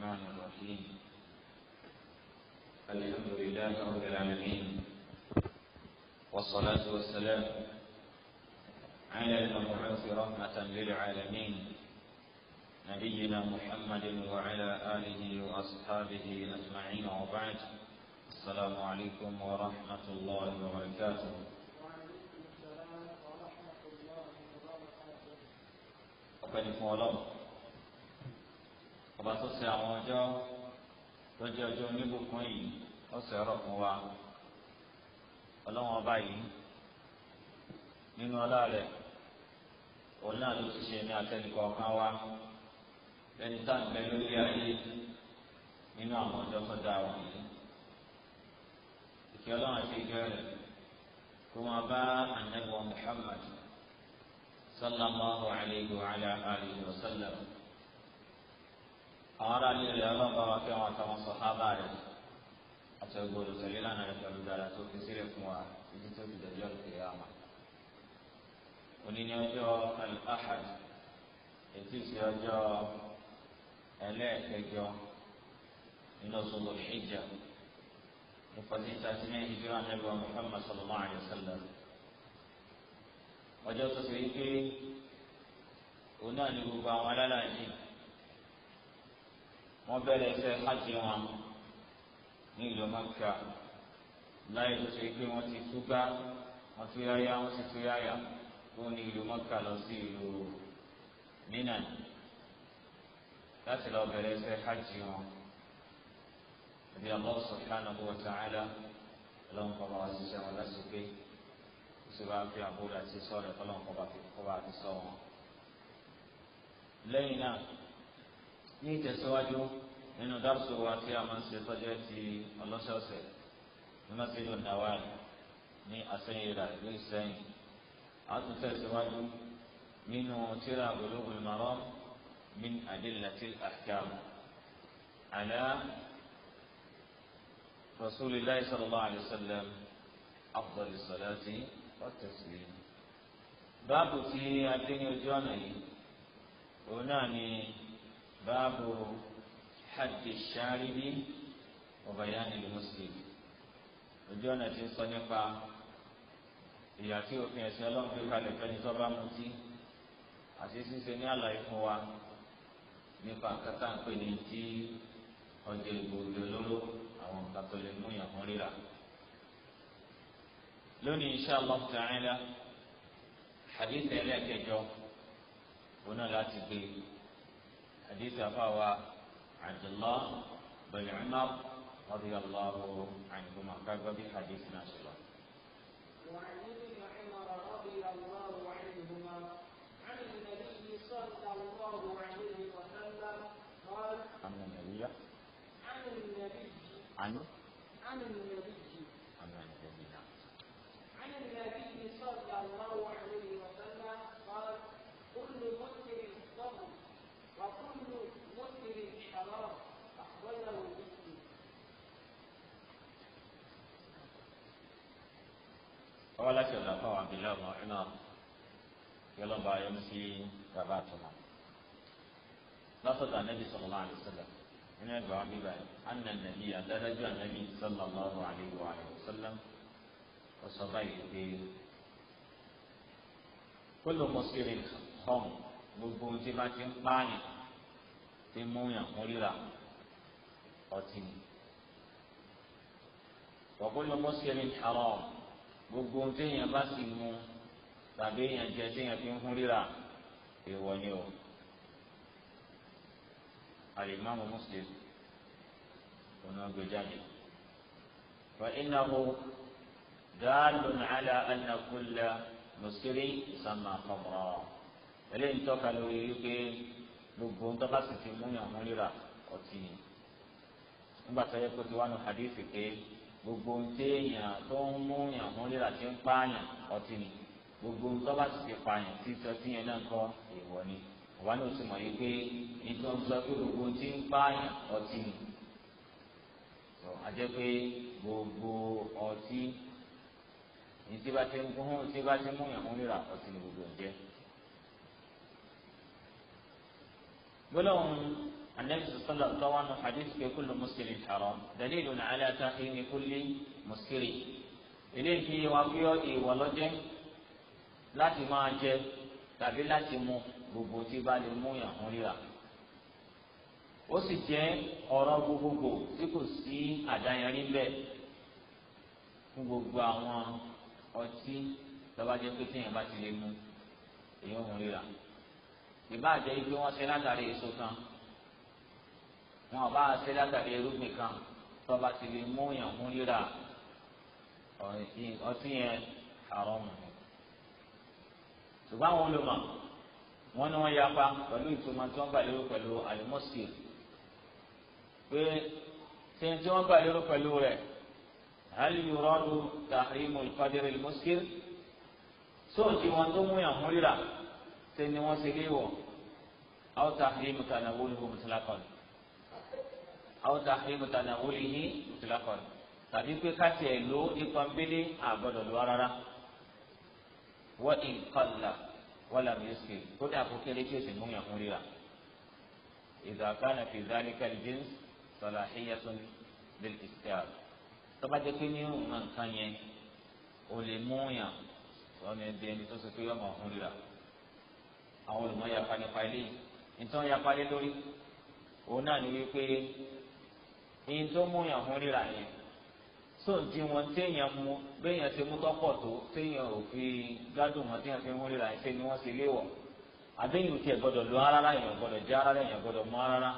الرحمن الرحيم الحمد لله رب العالمين والصلاة والسلام على المبعوث رحمة للعالمين نبينا محمد وعلى آله وأصحابه أجمعين وبعد السلام عليكم ورحمة الله وبركاته وعليكم السلام ورحمة الله وبركاته ọba tó ṣe àwọn ọjọ́ tó jẹ́ ọjọ́ oníbùkún yìí ó ṣe ọ̀rọ̀ fún wa ọlọ́wọ́n ọba yìí nínú ọlá rẹ̀ òun náà ló ti ṣe ní atẹnukọ kan wá lẹni tá à ń bẹ lórí ayé nínú àwọn ọjọ́ tó dáa wọ̀nyí ìkẹ́ ọlọ́run àti ìkẹ́ rẹ̀ kó máa bá ànágbọ́n Muhammad sallallahu alayhi wa wa sallam àwọn ará ilé rẹ̀ ọlọ́ọ̀bá wa fẹ́ wọn àtàwọn sọ̀hábà rẹ̀ àti ọgbọ́dọ̀ tẹ̀lé lánàá rẹ̀ pẹ̀lú dára tó fi sílẹ̀ fún wa títí tó fi dọ̀jọ́ ìpè àmà. òní ni ọjọ́ al-ahad ètí ìsì ọjọ́ ẹlẹ́ẹ̀kẹjọ nínú oṣù lọ́ṣẹ́jà ní fourteen thirty nine ìdí wọn àti ẹgbẹ́ Muhammad sallallahu alayhi ọjọ́ tó ṣe wípé òun náà ní gbogbo àwọn alálàájì wọ́n bẹ̀rẹ̀ iṣẹ́ hajj wọn ní ìlú Mẹ́kà láì tó ṣe pé wọ́n ti túbá wọ́n tún yáyá wọ́n sì tún yáyà kó ní ìlú Mẹ́kà lọ sí ìlú Mínà láti lọ bẹ̀rẹ̀ iṣẹ́ hajj wọn. Àbí Allah subhanahu wa ta'ala ọlọ́run kọ́ bá wá ṣiṣẹ́ wọn lásìkò ṣe bá fi àbúrò àti sọ́ọ̀rẹ́ ọlọ́run kọ́ bá fi kọ́ bá fi sọ wọn. Lẹ́yìn náà ní ìtẹ̀síwájú nínú dárúsù wa tí a máa ń ṣe tọ́jú ti ọlọ́sọ̀ọ̀sẹ̀ ní masiru nawal ní asẹ́yìnra ìlú ìsẹ́yìn a tún tẹ̀síwájú nínú tíra Bulughul Maram min adillatil ahkam ala rasulillahi sallallahu alayhi wa sallam afdal salati wa taslim báàbù tí a dé ní ojú ọ̀nà yìí òun náà ni. باب حد الشارب وبيان المسلم ojú ọ̀nà tí ń sọ nípa ìyà tí òfin ẹ̀sìn ọlọ́run fi kalẹ̀ fẹ́ni tó bá mutí àti ṣíṣe ní àlàyé fún wa nípa kátà ń pè ní tí ọjà ìgbòho olóró àwọn nǹkan tó lè mú yàn fún rírà. lónìí insha Allah ta'ala hadith ẹlẹ́kẹjọ òun náà láti gbé e. حديث أخوة عبد الله بن عمر رضي الله عنهما كان في حديث الله. وعن ابن عمر رضي الله عنهما عن النبي صلى الله عليه وسلم قال عن النبي عن النبي عن عن النبي ọwọ́ láti ọ̀dà fún àwọn abilé ọmọ ọ̀hún náà yọlọ́ba yọ sí bàbá àtọ̀mọ́ lọ́sọ̀tà nẹ́bí sọ̀rọ̀ máa lè sọ̀dọ̀ nínú ẹgbẹ́ wa bíbá yìí anna nàbí adájọ́ ànábì sallallahu alayhi wa sallam ọ̀sọ̀ báyìí pé kóló mọ́sílẹ̀ hàn gbogbo ohun tí bá ti ń pààyàn ti mú yàn fún ríra ọtí ni wọ́n kóló mọ́sílẹ̀ haram. gbogbo ohun téèyàn bá sì mu tàbí èèyàn jẹ téèyàn fi ń hún ríra èèwọ̀ ni o alimami muslim ọ̀nà gbèjáde fa innahu daalun ala anna kulla muskiri isamma khamra eléyìí ń tọ́ka lórí wípé gbogbo ń tọ́ka sì ti mú yàn hún ríra ọtí nígbà tó yẹ kó ti wá nu hadithi pé gbogbo ń téèyàn tó ń mú yàn mú rírà tí ń pààyàn ọtí ni gbogbo ń tọ́ bá sì ti pààyàn tí sọ sí yẹn náà kọ́ èèwọ̀ ni bàbá náà sì mọ̀ yìí pé nítorí wọn sọ pé gbogbo tí ń pààyàn ọtí ni àjẹ́ pé gbogbo ọtí ní tí bá ti ń kún tí bá ti mú yàn mú rírà ọtí ni gbogbo ń jẹ́ gbọ́dọ̀ النبي صلى الله عليه وسلم روى أن حديث كل مسكر حرام دليل على تحريم كل مسكر eléyìí fi wá pé ìwọ lọ́jẹ́ láti máa jẹ tàbí láti mu gbogbo tí bá lè mú ìyàwó ríra ó sì jẹ́ ọ̀rọ̀ gbogbogbò tí kò sí àdáyanrí bẹ́ẹ̀ fún gbogbo àwọn ọtí lọ́ba jẹ́ pé téèyàn bá ti lè mu èyí ò ń ríra ìbáà jẹ́ ibi wọ́n ṣe látàrí èso kan wọn bá ṣe látàrí irúgbìn kan tó bá ti lè mú yàn mú rírà ọtí yẹn àwọn ọmọ ṣùgbọ́n àwọn olùmọ̀ wọn ni wọ́n yapa pẹ̀lú ìtumọ̀ tí wọ́n gbà lérò pẹ̀lú àlùmọ́sì pé ṣe tí wọ́n gbà lérò pẹ̀lú rẹ̀ hali yuradu tahrimu al-qadr al-muskir wọn tó mú yàn mú rírà ṣe ni wọ́n ṣe léwọ̀ aw tahrimu tanawwuhu mutlaqan àwọn tahrimu tanawulihi wuli ni pé káṣí ẹ̀ ló nípa mbélé àgbọ̀dọ̀ lọ́wọ́ rárá wọ́n in wala miski. tó dà kó kéré tí o sì múyàn fún rírà idha kana fi dhalika al-jins salahiyatun lil istiar tó bá jẹ́ pé ní nǹkan kan yẹn o lè múyàn lọ́nà ẹ̀dí ẹni tó sọ pé yọ̀mọ̀ fún rírà àwọn olùmọ̀ ni wípé èyí tó mú yàn fún ríra yẹn tó ń ti wọn téèyàn mú béèyàn ti mú tọ́pọ̀ tó téèyàn ò fi gádùn wọn téèyàn fi mú ríra yẹn ṣe ni wọ́n ṣe léwọ̀ àbẹ́yìn tiẹ̀ gbọ́dọ̀ lo arára èèyàn gbọ́dọ̀ jẹ́ arára èèyàn gbọ́dọ̀ mú arára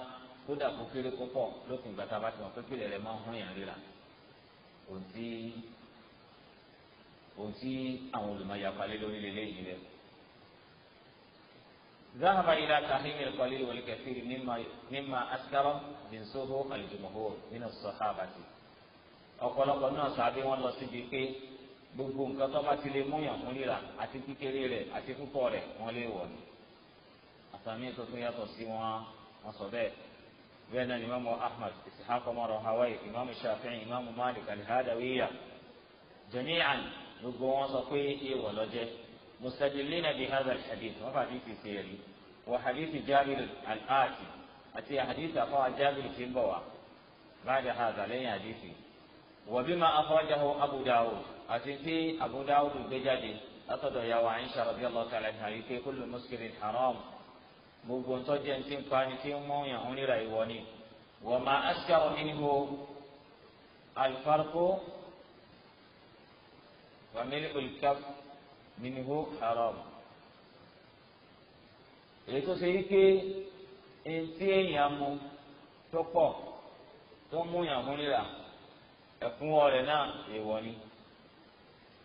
kódà kó kéré kó pọ̀ lókun gbàtà bá ti wọn pé kílẹ̀ rẹ̀ máa ń hún yàn ríra òun tí àwọn olùmọ̀ yàpá lé lórí lélẹ́yìn rẹ̀ ذهب إلى تحريم القليل والكثير مما مما أسكر من سوء الجمهور من الصحابة ọ̀pọ̀lọpọ̀ náà sàbí wọn lọ síbi pé gbogbo nǹkan tó bá ti lè múyàn fún rírà àti kékeré rẹ̀ àti púpọ̀ rẹ̀ wọn lè wọ̀ ni àtàmì tó tún yàtọ̀ sí wọn wọn sọ bẹ́ẹ̀ bẹ́ẹ̀ náà ni imaamu ahmad ishaq omar hawaii imaamu shafi'i imaamu malik alihadawiya jami'an gbogbo wọn sọ pé èèwọ̀ ló jẹ́. مستدلين بهذا الحديث وهو حديث سيري وحديث جابر الآتي أتي حديث أخوة جابر في البوا بعد هذا لين حديثي وبما أخرجه أبو داود أتي أبو داود البجدي أتدو يا وعيشة رضي الله تعالى عنها في كل مسكر حرام gbogbo ntọ́ jẹ́ ntí nǹkan ni tí ń mú yàn ń rira ìwọ ni wọ́n minhu haram èyí tó ṣe wípé ntí èèyàn mu tó pọ̀ tó mú yàn mú rírà ẹ̀fún ọ̀rẹ́ náà èèwọ̀ ni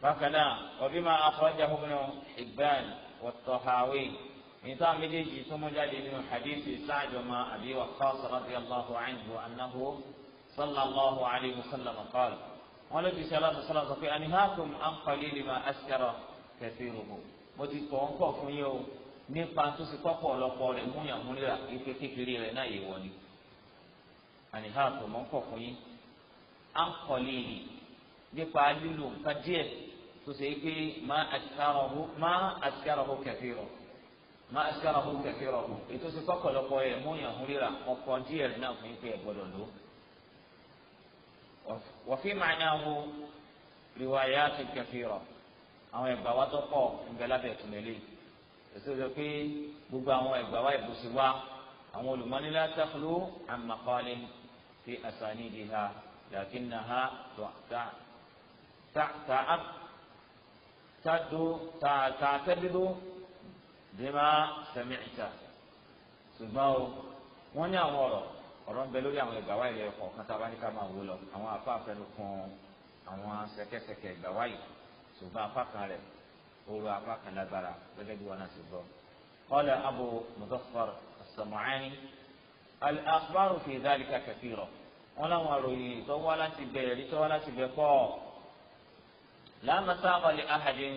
bákan náà ọbí máa afọ́jà gómìnà Hibban wa Tahawi nǹkan méjèèjì tó mú jáde nínú hadithi Sa'd ma Abi Waqqas radiyallahu anhu annahu sallallahu alayhi wa sallam qala wọn lè fi ṣe aláṣọ sọlá sọ pé anihakum an qalili ma askara kẹsìrìbù mo ti kọ́ ń pọ̀ fún yín o nípa tó ti kọ́pọ̀ ọ̀lọ́pọ̀ rẹ̀ múyàn múlẹ̀ ife kékeré rẹ̀ náà yé wọlé àníhà tó mọ́ pọ̀ fún yín à ń kọ̀lé yìí nípa lílo nǹkan díẹ̀ tó ṣe é pé má àtikárọ̀hó kẹfìrọ̀ má àtikárọ̀hó kẹfìrọ̀ ètò ti kọ́pọ̀ ọ̀lọ́pọ̀ rẹ̀ múyàn múlẹ̀ ọkọ̀ díẹ̀ náà fún ife ẹ̀gbọ́dọ̀ ló wọ́n fi màá náà àwọn ẹgbà wa tó pọ̀ ńbẹ lábẹ́ ìtúnlẹ̀lẹ̀ èso sọ pé gbogbo àwọn ẹgbà wa ìbùsùn wa àwọn olùmọ́nilá tẹ́kùlù àmàkọ́lẹ̀ fi àṣàní di ha làkín na ha tààtàdúró dèmà sẹ́mìtà ṣùgbọ́n o wọ́n ní àwọn ọ̀rọ̀ ọ̀rọ̀ ń bẹ lórí àwọn ẹgbà wa ìlẹ̀ ẹ̀kọ́ kan máa wó lọ àwọn afáfẹ́ ló kún àwọn sẹ́kẹ́sẹ́kẹ́ ẹgbà wa yìí ṣùgbọ́n apá kan rẹ̀ oru apá kan lágbára gẹ́gẹ́ bí wọn náà sì gbọ́. قال أبو مظفر السمعاني الأخبار في ذلك كثيرة wọn làwọn àròyìn tó wá láti bẹ̀rẹ̀ rí tó wá láti bẹ̀ pọ̀ láàmú sábà ahàdé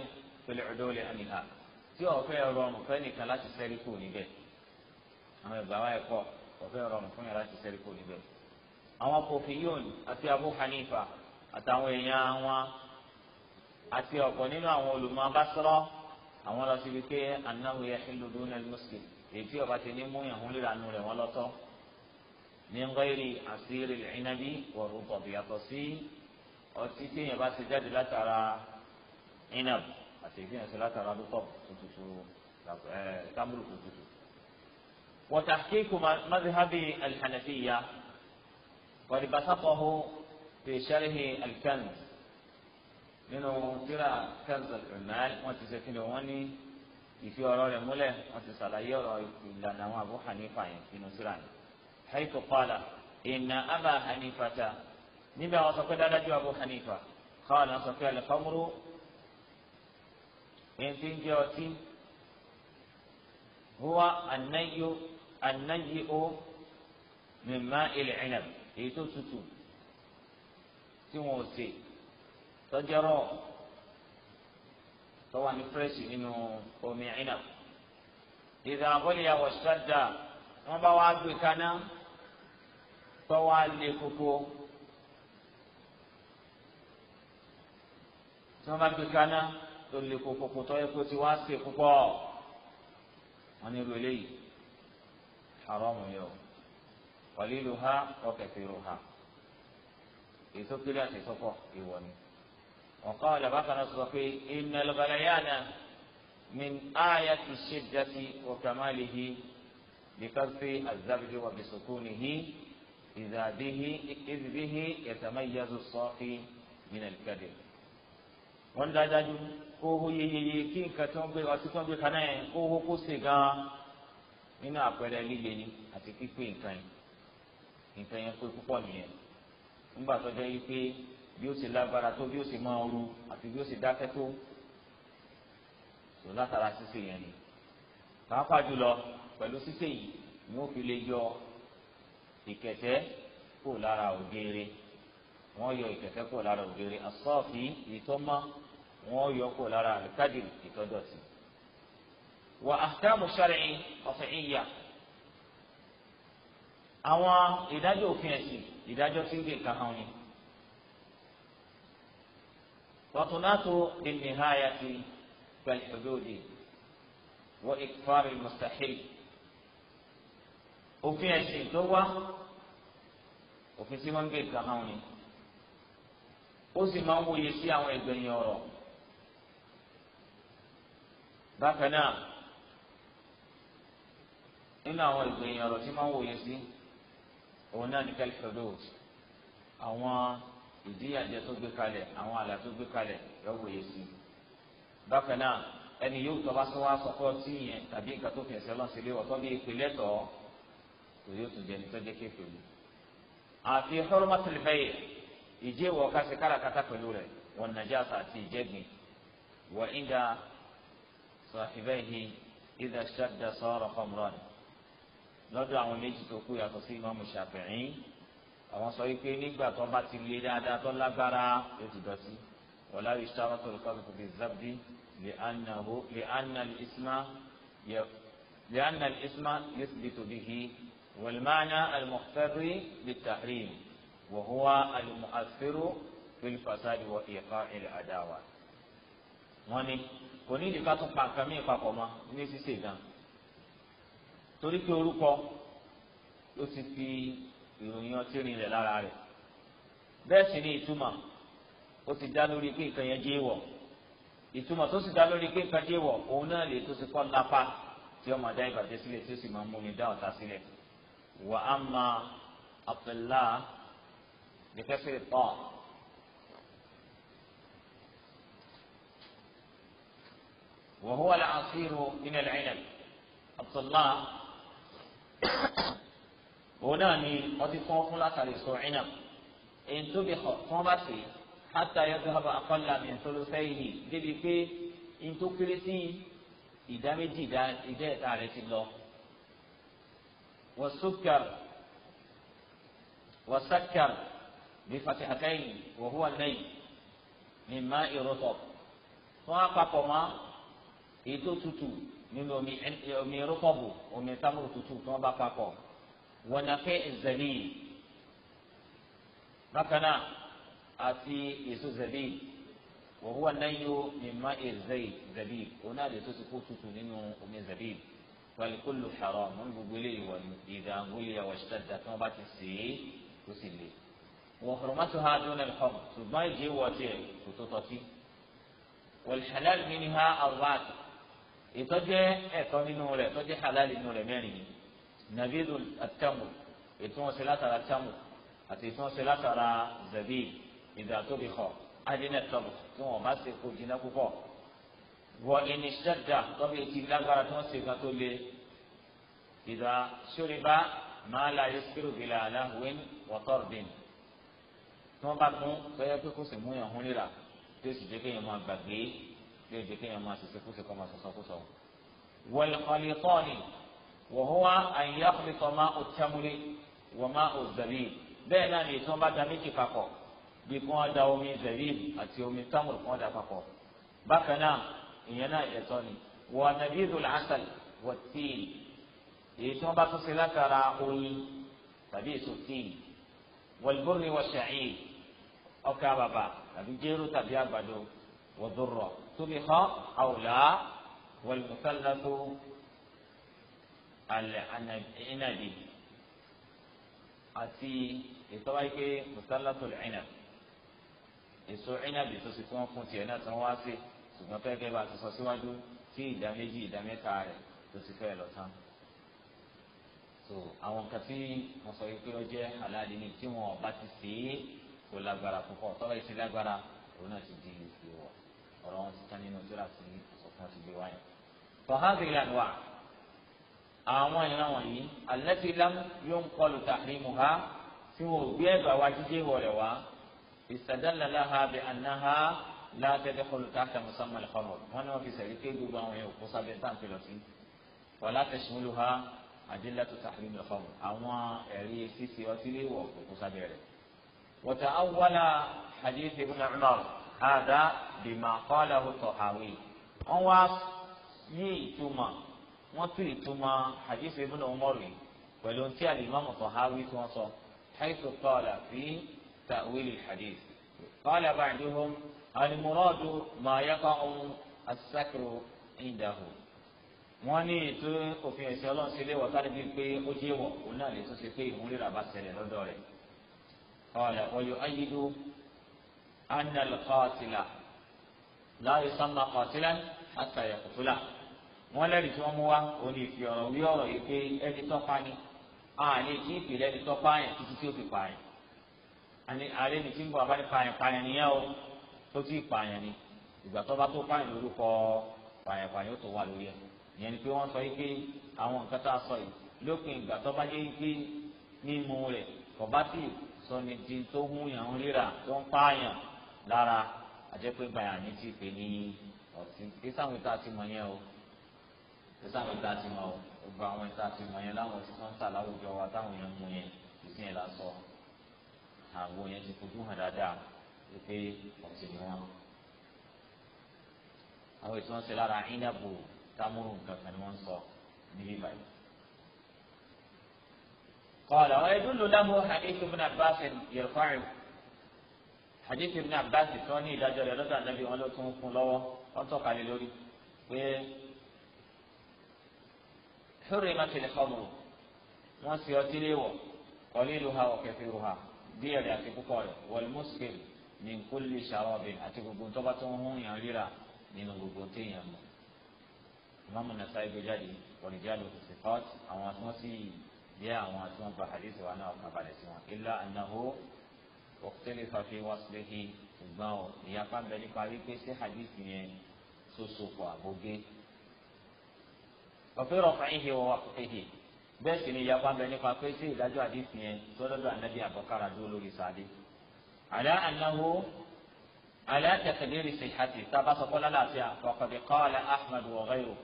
pẹ̀lú ọ̀dọ́ àníhà tí ọ̀fẹ́ rọrùn fẹ́ nìkan láti sẹ́rí kù níbẹ̀ àwọn ìgbà wáyé pọ̀ ọ̀fẹ́ rọrùn fún àti ọ̀pọ̀ nínú àwọn olùmọ̀ abásọ́rọ́ àwọn lọ síbi pé anáwó yẹ kí lùdú ní muslim èyí tí ọba ti ní mú ìhun lílanu rẹ̀ wọ́n lọ́tọ́ ní ngọ́yìrì àṣírí ìnábí wọ̀rùn pọ̀bì yàtọ̀ sí ọtí tí èèyàn bá ti jáde látara inab àti ìfihàn sí látara lúpọ̀ tuntun kámúrù tuntun. وتحقيق مذهب الحنفية ولبسطه في شرح الكنز nínú tíra kẹ́sìtì ìmáàlì wọ́n ti ṣe kí ni wọ́n ní ìfi ọ̀rọ̀ rẹ̀ múlẹ̀ wọ́n ti ṣàlàyé ọ̀rọ̀ ìlànà àwọn Abu Hanifa yẹn nínú tíra yẹn. haythu qala inna Aba Hanifata níbi àwọn sọ pé dáadájú Abu Hanifa qala sọ pé al yẹn ti ń jẹ ọtí huwa an-nayyu an-nayyu min ma'il èyí tó tutù tí wọn ò sè é tọ́jọ́rọ̀ tó wà ní fírẹ́sì nínú omi ìnà ìdá àbọ̀lìyà wọ̀ṣọ́dà wọ́n bá wá gbé kaná tó wá lé koko tí wọ́n bá gbé kaná tó lé koko tó yẹ kó ti wá sè púpọ̀ wọ́n ní irú eléyìí haramu yẹ o qaliluha wa kathiruha èso kéré àti sọ́kọ̀ ìwọ ni. وقال بقنا الصفي إن الغليان من آية الشدة وكماله بكسر الزبد وبسكونه إذا به إذ به يتميز الصافي من الكذب wọ́n dájú kóhó yeyeye kí nǹkan tí wọ́n gbé ọtí tí wọ́n gbé kaná yẹn kóhó kó sè gan-an nínú àpẹẹrẹ líle ni àti pípé nǹkan yẹn nǹkan yẹn pé púpọ̀ nìyẹn nígbà tó jẹ́ yí pé bí ó ṣe lágbára tó bí ó ṣe máa ru àti bí ó ṣe dákẹ́ tó tó látara ṣíṣe yẹn ni pàápàá jùlọ pẹ̀lú ṣíṣe yìí ni ó fi lè yọ ìkẹ̀tẹ́ kó lára ògèrè wọ́n yọ ìkẹ̀tẹ́ kó lára ògèrè asọ́ọ̀fì ìtọ́mọ́ wọ́n yọ kó lára àlùkádì ìtọ́dọ̀tì. wà ahkamu shar'i qat'iyya àwọn ìdájọ́ òfin ẹ̀sìn ìdájọ́ tí ó lè kàn án ni. وتناط للنهاية بالحدود وإكفار المستحيل òfin ẹ̀sìn tó wá òfin tí wọ́n ń gbé nǹkan hàn ni ó sì máa ń wòye sí àwọn ìgbẹ̀yìn ọ̀rọ̀ bákan náà nínú àwọn ìgbẹ̀yìn ọ̀rọ̀ tí máa ń wòye sí òun náà ní kẹlifẹ̀dọ́s àwọn ìdíyàjẹ tó gbé kalẹ̀ àwọn àlà tó gbé kalẹ̀ yọ wòye sí i bákan náà ẹni yóò tọ́ bá sọ wá sọ́kọ́ tí yẹn tàbí nǹkan tó fẹsẹ̀ lọ́sẹ̀ lé ọ̀tọ́ bí ìpìlẹ̀ tọ́ kò yóò tún jẹni tọ́jú kéfèé àfi hurmatul bay' ìjẹ́ wọ kásì kárakáta pẹ̀lú rẹ̀ wan najasa àti ìjẹ́gbìn wọ ìdá sahibayhi ìdá àwọn sọ wípé nígbà tó bá ti lé dáadáa tó lágbára yóò ti dọ̀tí wọlá ìṣàrọ̀ tó lùkọ́ tó fi zabdi lè anna isma lè anna isma yusbitu bihi wàlmánà almuhtari lè tahrim wàhùwà almu'assiru fil fasadi wa iqa il adawa. wọ́n ní kò ní ìdíkà tó pa nǹkan mìíràn papọ̀ mọ́ ní ṣíṣe gan torí pé orúkọ ló ti fi. ìròyìn ọtí rìn rinlẹ̀ lára rẹ̀ bẹ́ẹ̀ sì ni ìtumọ̀ ó ti dá lórí pé nǹkan yẹn jẹ́ wọ̀ ìtumọ̀ tó sì dá lórí pé nǹkan jẹ́ wọ̀ òun náà lè tó ti kọ́ lápá tí ọmọ adá dá ìbàjẹ́ sílẹ̀ tí ó sì máa mú mi dá ọ̀tá sílẹ̀ wà á ma àpẹlá nìkẹ́sì tọ́ وهو العصير من العنب عبد الله òun náà ni ọtí tí wọ́n fún látàrí sọ ẹ̀nà èyí tó bí kọ̀ tí wọ́n bá sè é hátà yẹn tó hábà akọ́lá mi tó ló fẹ́ yìí débi pé ní tó kéré sí ìdá méjì ìdá ẹ̀ta rẹ̀ ti lọ. wọ́sùkàr wọ́sàkàr bí fatihatayi wọ̀húwà lẹ́yìn ní má ìrọ̀tọ̀ tí wọ́n mọ́ èyí tutù nínú omi ìrọ̀tọ̀ bù omi táwọn tutù tí wọ́n bá papọ̀ wọnàfẹ zẹbíì bákanáà àti èso zẹbíì wọ̀húwà náyó mímá èzèyí zẹbíì òun náà lè tó ti kó tutù nínú omi zẹbíì falikulu haram wọn gbogbo eléyìí wọn ìdá angoli àwọn ṣẹta dà tí wọn bá ti sè é kó sì lè wọn hurumatu ha dúnà lọhọm ṣùgbọ́n ìdí wọ tiẹ̀ kò tó tọ́tí wal halal minha arba'at ìtọ́jẹ́ ẹ̀tọ́ nínú rẹ̀ tọ́jẹ́ halal nínú rẹ̀ mẹ́rin yìí nàbídù àtàmù ètò wọn ṣe látara àtàmù àti ètò wọn ṣe látara zabib ìdá tóbi kọ adínẹ tọbù tí wọn bá ṣe kó jiná púpọ̀ wọ ìníṣẹ́dà tọ́bi etí lágbára tí wọ́n ṣe kan tó le ìdá ṣóríbá máa la yẹ́sìkìrù bìlà aláhùn wọ́tọ́rọ̀dìn tí wọ́n bá tún fẹ́ẹ́ pé kó sì mú yàn hún rírà tí ó sì jẹ́ kéèyàn máa gbàgbé tí ó jẹ́ kéèyàn máa ṣiṣẹ́ kó sì kọ́ máa sọ̀sọ́ kó sọ̀rọ̀ wọ́n وهو أن يخلط ماء التمر وماء الزبيب بين أن يتم دمك فقط بكون دومي زبيب أتيومي تمر كون فقط بكنا إننا يتوني ونبيذ العسل والتين يتم بتصل لك راقل تبيس التين والبر والشعير أوكا بابا أبي جيرو تبيا بدو وذرة تبخ أو لا والمثلث alẹ́ ẹnàbì àti ìtọ́wá yìí pé mùsálàtò ẹnà èso ẹnàbì tó sì fún fún tiẹ̀ náà tó ń wá sí ṣùgbọ́n fẹ́ẹ́kẹ́ bá ti sọ síwájú tí ìdá méjì ìdá mẹ́ta rẹ̀ tó sì fẹ́ẹ́ lọ tán so àwọn kan tí wọ́n sọ pé ó jẹ́ aláàdì ni tí wọn ọba ti sè é kó lágbára púpọ̀ tọ́wọ́ yìí lágbára òun náà ti di ìwọ̀ ọ̀rọ̀ wọn ti tán nínú tó sí ọ̀sán ti gbé wáyé àwọn ìran wọ̀nyí allati lam yunqalu tahrimuha tí wọn ò gbé ẹgbàá wa jíjẹ wọlé wa istadalla laha bi annaha la tadkhulu tahta musamma al-khamr wọn ni wọn fi sẹrí pé gbogbo àwọn yẹn òkú sábẹ táǹpì lọ sí wala tashmuluha adillatu tahrim al-khamr àwọn ẹrí sísè ọtí lè wọ òkú sábẹ rẹ. wa ta'awwala hadith ibn umar hadha bima qalahu wọ́n tú ìtumọ̀ hadith ibn umar yìí pẹ̀lú tí alimami tahawi tí wọ́n sọ haythu qala fi ta'wil alhadith qala ba'duhum almuradu ma yaqa'u as-sakru indahu wọ́n ní ètò òfin ẹ̀sìn ọlọ́run sílé wọ́n sáré bíi pé ó jẹ́ wọ̀ òun náà lè tún ṣe pé ìmúrírà bá ṣẹlẹ̀ lọ́dọ̀ rẹ̀ qala wa yu'ayyidu anna al-qatila la yusamma qatilan wọ́n lẹ́rìí tí wọ́n mú wá òun lè fi ọ̀rọ̀ wí ọ̀rọ̀ yìí pé ẹni tọ́pa ni àní kí n fìlẹ́ ẹni tọ́pa yẹn títí tí ó fi pààyàn àní àlẹ́ ni kí n bọ̀ abá ní pààyàn pààyàn nìyẹn o tó ti pààyàn ni ìgbà tó bá tó pààyàn lórúkọ pààyàn pààyàn ó tó wà lórí ẹ̀ ìyẹn ni pé wọ́n sọ yìí pé àwọn nǹkan tá a sọ yìí lópin ìgbà tó bá yé yìí pé mímu rẹ̀ kò bá sì sọ ni di tó mú yàn ń tó ń pààyàn lára àjẹpẹ́ bàyàn ní ti pè ní ọ̀sìn kí sáwọn ìta ti mọ̀ yẹn o sáwọn ìta ti mọ ọgbà àwọn ìta ti mọ yẹn láwọn tí ń tà láwùjọ wa táwọn èèyàn mú yẹn ìsìn yẹn lásọ àwọn yẹn ti fojú hàn dáadáa pé ọ̀sẹ̀ ni wọ́n. àwọn ètò wọn ṣe lára ìnàbò támúrù nǹkan kan ni wọ́n ń sọ níbí báyìí. قال ويدل له حديث ابن عباس يرفعه حديث ابن عباس توني إذا جرى رضا النبي ولو تنقل له أنتو قال لوري hurrimatil khamru wọ́n sì ọtí léwọ̀ qaliluha wa kathiruha díẹ̀ rẹ̀ àti púpọ̀ rẹ̀ wal muskir min kulli sharabin àti gbogbo ntọ́ba tó ń hún yàn ríra nínú gbogbo téèyàn mọ̀ ìmáàmù Nasa'i gbé jáde wal rijalu thiqat àwọn tí wọ́n sì yẹ àwọn tí wọ́n gba hadith wa náà kàn balẹ̀ sí wọn illa annahu ikhtalafa fi waslihi ṣùgbọ́n ìyapa bẹ nípa wípé sí hadith yẹn tó so pọ̀ àbógé ọ̀fẹ́ rọ̀fà ìhìn wọ́n wà kó fihì bẹ́ẹ̀ sì ni ìyapa bẹ nípa pé sí ìdájọ́ àdìsí yẹn sọ́dọ̀dọ̀ ànábì àbọ̀kára dúró lórí sáadé. àlá ànáwó àlá tẹ̀kẹ̀lérì sèhátì tábà sọ kọ́lá láàfíà wàkọ̀dé kọ́ọ̀lá ahmed wọ̀gẹ́rò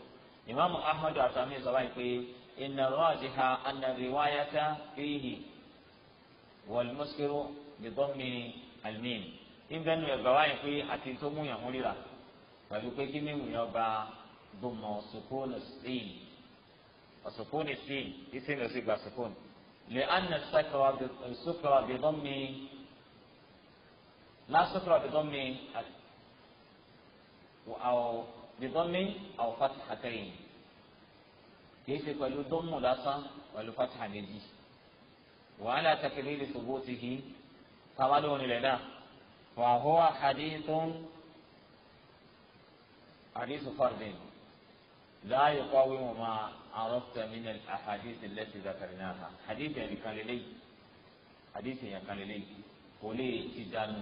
ìmáàmù ahmed àtàmì sọ báyìí pé ìnà rọ́ọ̀dì ha ànàbì wáyáta fihì wọ̀lmọ́sírò bìbọ́mì almin. ìbẹ́nu ẹ̀gbà وسكون السين دي سين يصير سكون لأن السكرة السكرة بضم ما سكرة بضم أو بضم أو فتحتين كيف يقولوا ضم لاصا ولو فتح نجي وعلى تكليل ثبوته فولون لنا وهو حديث حديث فرد لا يقاوم ما عرفت من الأحاديث التي ذكرناها حديث يعني قال لي حديث يعني قال لي قولي تدانو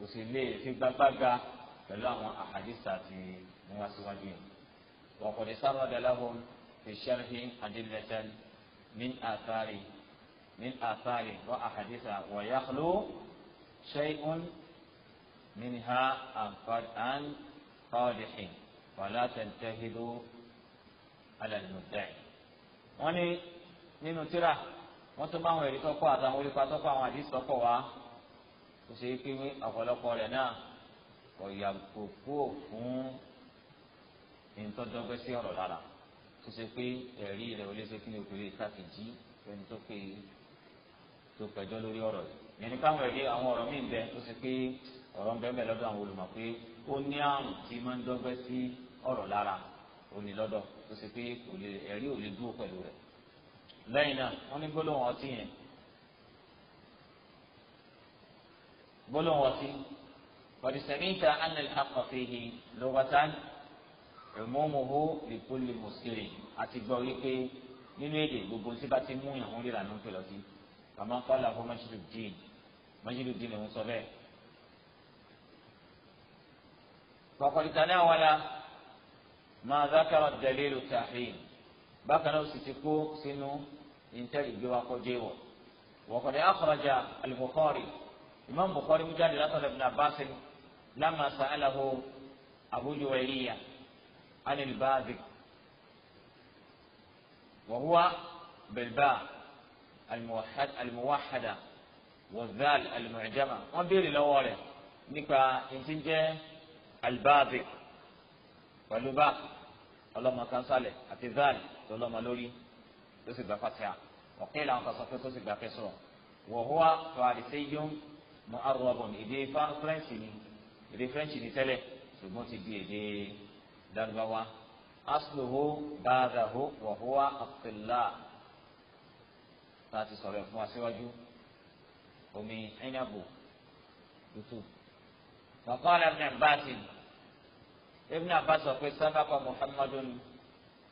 وسيلي في بابا كلام أحاديث في مواسوانين وقد سرد لهم في الشرح أدلة من آثار من آثار وأحاديث ويخلو شيء منها أنفر أن قادح ولا تنتهدوا alẹ́ nínú dẹ́yìn. wọ́n ní nínú tíra wọ́n tún bá àwọn èrè tọ́kọ̀ àtàwọn olùkọ́ àtọ́kọ̀ àwọn àdìs tọ́kọ̀ wá kò sí pé ọ̀pọ̀lọpọ̀ rẹ̀ náà kò yàgò kúrò fún ìtọ́jọ́gbé sí ọ̀rọ̀ lára kò sí pé ẹ̀rí rẹ̀ ò lè ṣe kí ni òkèlè káfíjì ẹni tó pé tó pẹ̀jọ́ lórí ọ̀rọ̀ yìí yẹn káwọn ẹ̀rí àwọn ọ̀rọ̀ míì bẹ tó ṣe pé ọ̀rọ̀ ń bẹ́ẹ̀ bẹ́ẹ̀ lọ́dọ̀ àwọn olùmọ̀ pé ó ní àrùn tí máa ń dọ́gbẹ́ sí ọ̀rọ̀ lára òní lọ́dọ̀ tó ṣe pé kò lè ẹ̀rí ò lè dúró pẹ̀lú rẹ̀ lẹ́yìn náà wọ́n ní gbólóhùn ọtí yẹn gbólóhùn ọtí pàdùsẹ̀míta anil akọ̀fẹ́hì lọ́wọ́tán ẹ̀mọ́mọ́hó lèkólè mùsùlùmí àti gbọ́ wípé nínú èdè gbogbo tí bá ti mú yàn wọ́n ríra ló ń lọ́tí kàmá kọ́lá fún Majludeen Majludeen ló ń sọ bẹ́ẹ̀. kọ̀kọ̀lìtàn náà wọ́n la. ما ذكر الدليل التحريم بقى بكنا وستكو سنو ينتهي جوا جيو وقد أخرج البخاري إمام بخاري مجال لطل ابن عباس لما سأله أبو جويرية عن الباذق وهو بالباء الموحد الموحدة والذال المعجمة وبير الأول نكا إنتنجي الباذق pẹ̀lú bá ọlọ́mọ kánsálẹ̀ àti záàlì tó lọ́mọ lórí tó sì gbà fàtíà ọ̀kẹ́ làwọn kan sọ pé tó sì gbà kẹsàn-án wọ̀húwà fàrísẹ́yọ́n mọ arọ́bọ̀n èdè fúrẹ́ǹsì ni èdè fúrẹ́ǹsì ni tẹ́lẹ̀ ṣùgbọ́n ti di èdè Lárúbáwá asluhu ba'dahu wọ̀húwà àfẹ́lá láti sọ̀rọ̀ fún aṣíwájú omi ẹ̀yìnàbò tútù. faqala ibn abbas sọ pé sábàkọ muhammadun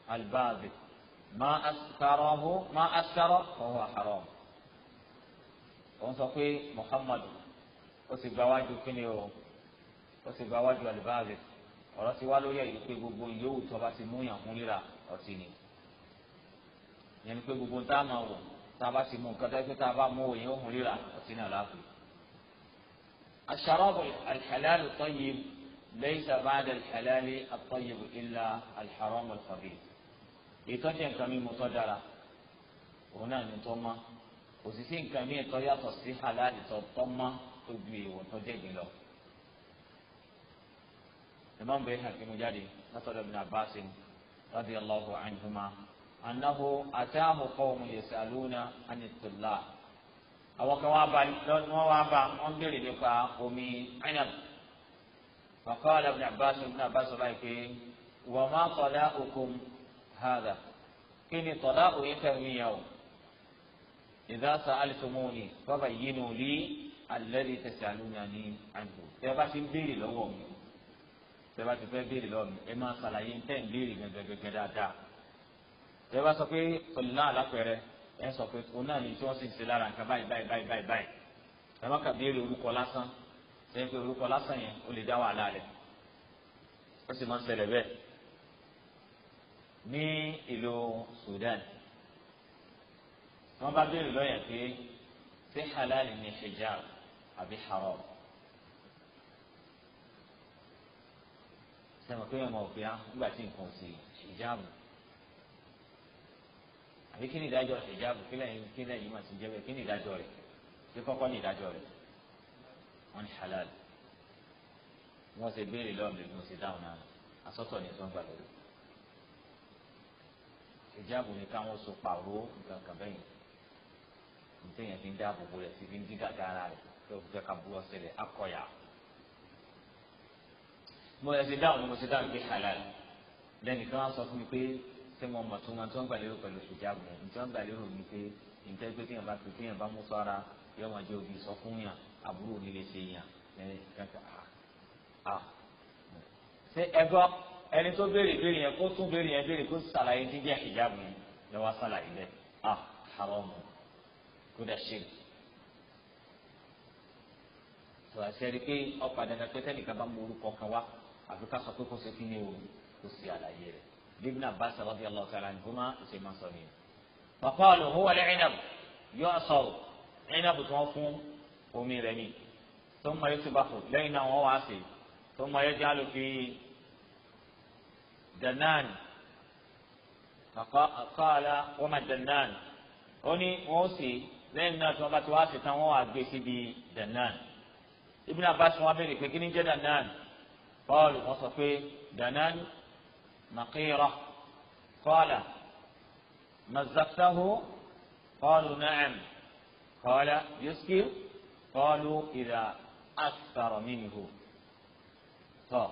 albaabi ma askarọhu ma askarọ ọwọ haram òun sọ pé muhammadu ó sì gba wájú kíni o ó sì gba wájú albaabi ọ̀rọ̀ ti wá lórí ẹ̀yìn pé gbogbo yòówù tó bá ti mú yàn fún rírà ọtí ni yẹn ni pé gbogbo tá a máa wò tá a bá ti mú nǹkan tó yẹ tá a bá mú òye ó mú rírà ọtí náà láàbù. الشراب الحلال الطيب ليس بعد الحلال الطيب إلا الحرام الخبيث ìtọ́jú nǹkan mi mo tọ́ dára òun náà ni tọ́ mọ́ kò sì sí nǹkan mi tọ́ yàtọ̀ sí halali tọ́ tọ́ mọ́ tó ju èèwọ̀ tọ́ jẹ̀gbìn lọ. imam bẹ́ẹ̀ hàn kí mo jáde látọ̀dọ̀ ibn Abbas radiyallahu anhuma annahu ataahu qawmun yasaluna anit tullah àwọn kan wá bá wọn wá bá wọn béèrè nípa omi ẹnìyàn. فقال ابن عباس ابن عباس رايك وما طلاؤكم هذا كني طلاء يتهميه إذا سألتموني فبينوا لي الذي تسألونني عنه tẹ́ bá ti ń béèrè lọ́wọ́ mi tẹ́ bá ti fẹ́ béèrè lọ́wọ́ mi ẹ máa ṣàlàyé ń tẹ́ ń béèrè gẹ́gẹ́gẹ́ dáadáa tẹ́ bá sọ pé pẹ̀lú náà lápẹẹrẹ ẹ sọ pé òun náà ní tí wọ́n sì ń ṣe lára nǹkan báyìí báyìí báyìí báyìí tẹ́ bá kà béèrè orúkọ lásán sẹ́yìn pé orúkọ lásán yẹn ó lè dá wàhálà rẹ̀ ó sì máa ń ṣẹlẹ̀ bẹ́ẹ̀ ní ìlú Sudan wọ́n bá béèrè lọ́yà pé ṣé halal ni hijab àbí haram sẹ́wọ̀n pé ọmọ òfin á nígbà tí nǹkan sì hijab àbí kí ni ìdájọ́ hijab kí lẹ́yìn kí lẹ́yìn máa ti jẹ́ bẹ́ẹ̀ kí ni ìdájọ́ rẹ̀ ṣé kọ́kọ́ ni ìdájọ́ rẹ̀ wọ́n ní halal wọ́n ṣe béèrè lọ́wọ́ mi mo ṣe dáhùn náà asọ́tọ̀ ní sọ́n gbà lórí ìjáàbù ni káwọn so pàrọ̀ nǹkan kan bẹ́yìn nítẹ̀yìn fi ń dáàbò bo rẹ̀ sí fi ń dí gàgà ara rẹ̀ tó fi fẹ́ ka bú ọsẹ rẹ̀ akọ̀yà mo ṣe dáhùn ni mo ṣe dáhùn pé halal lẹ́nu kan á sọ fún mi pé ṣé mo mọ̀ tó wọn tí wọ́n gbà lérò pẹ̀lú ìjáàbù yẹn tí wọ́n gbà lérò mi pé ìtẹ́gbẹ́ tí yẹn bá fi tí yẹn bá mú sọ́ra yóò máa jẹ òbí ìsọfún yàn àbúrò nílé ṣe yàn ẹni kẹta a. Ah, ah. ṣé ẹgbọ́ ẹni tó béèrè béèrè yẹn kó tún béèrè yẹn béèrè kó ṣàlàyé jíjẹ ìjáàbù yìí lọ wá ṣàlàyé bẹ́ẹ̀ a ah, haramu kó dà ṣe. tó a ṣe rí pé ọ̀pá dandan pé tẹ́nìkan bá ń mú orúkọ kan wá àfi ká sọ pé kó ṣe kí ni o kó ṣe àlàyé rẹ̀ bíbí náà bá ṣàlọ́ bí ọlọ́ọ̀ṣà rà ní kó má ṣe má sọ nìyẹn. bàbá ọ̀nà lẹ́yìn náà yọ zainab tí wọ́n fún omi rẹ̀ mi tó mọ yẹn tó bá fò lẹ́yìn náà wọ́n wá sí i tó mọ yẹn jálò fi dandan kọ́ọ̀lá wọ́n máa dandan ó ní wọ́n sì lẹ́yìn náà tí wọ́n bá ti wá sí i tán wọ́n wá gbé síbi dandan Ibn Abbas wọn béèrè pé kí ni jẹ́ dandan bọ́ọ̀lù wọ́n sọ pé dandan maqira kọ́ọ̀lá mazaktahu kọ́ọ̀lù na'am. قال يسكر قالوا إذا أكثر منه tọ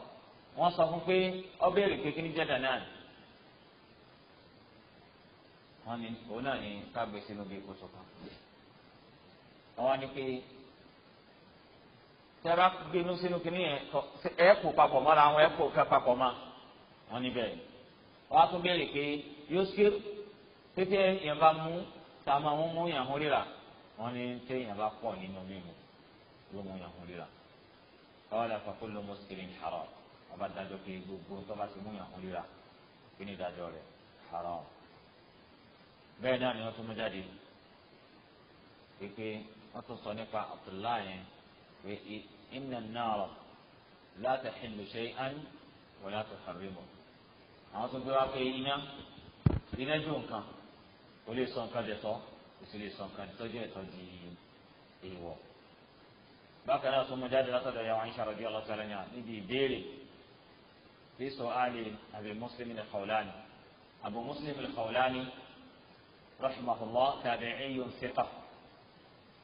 wọn sọ fún pé ọbẹ̀rẹ̀ pé kí ni jẹ́dà náà wọn ni òun náà ni kágbé sínú bíi kóso kan wọn ni pé tẹ bá papọ̀ mọ́ra wọn ẹ kó kẹ́ papọ̀ mọ́ wọn ni bẹ́ẹ̀ tún bẹ̀rẹ̀ pé yóò ṣe tètè yẹn bá mú tàmá wọn mú yàn hún ríra wọ́n ní téèyàn bá pọ̀ nínú mímu yóò mú yàn kún líra kọ́lá fakullu muskirin haram wọ́n bá dájọ́ pé gbogbo tó bá ti mú yàn kún líra kí ni ìdájọ́ rẹ̀ haram bẹ́ẹ̀ náà ni wọ́n tún mú jáde pé wọ́n tún sọ nípa Abdullahi yẹn pé inna an-nara la tahillu shay'an wa la tuharrimu àwọn tó gbé wá pé iná iná jó nǹkan kò sọ nǹkan dẹ̀ tọ́ ìṣẹ̀lẹ̀ sọ̀kan tọ́jú ẹ̀tọ́ di èèwọ̀. bákan náà sọmọ jáde látọ̀dọ̀ yà wọ́n ń ṣàròjì ọlọ́sọ̀rọ̀ yàn níbi ìbéèrè fi sọ àlè àbí mùsùlùmí ní kàwlání àbò mùsùlùmí ní kàwlání rahimahullah tàbí ẹ̀yọ́n fẹ́tà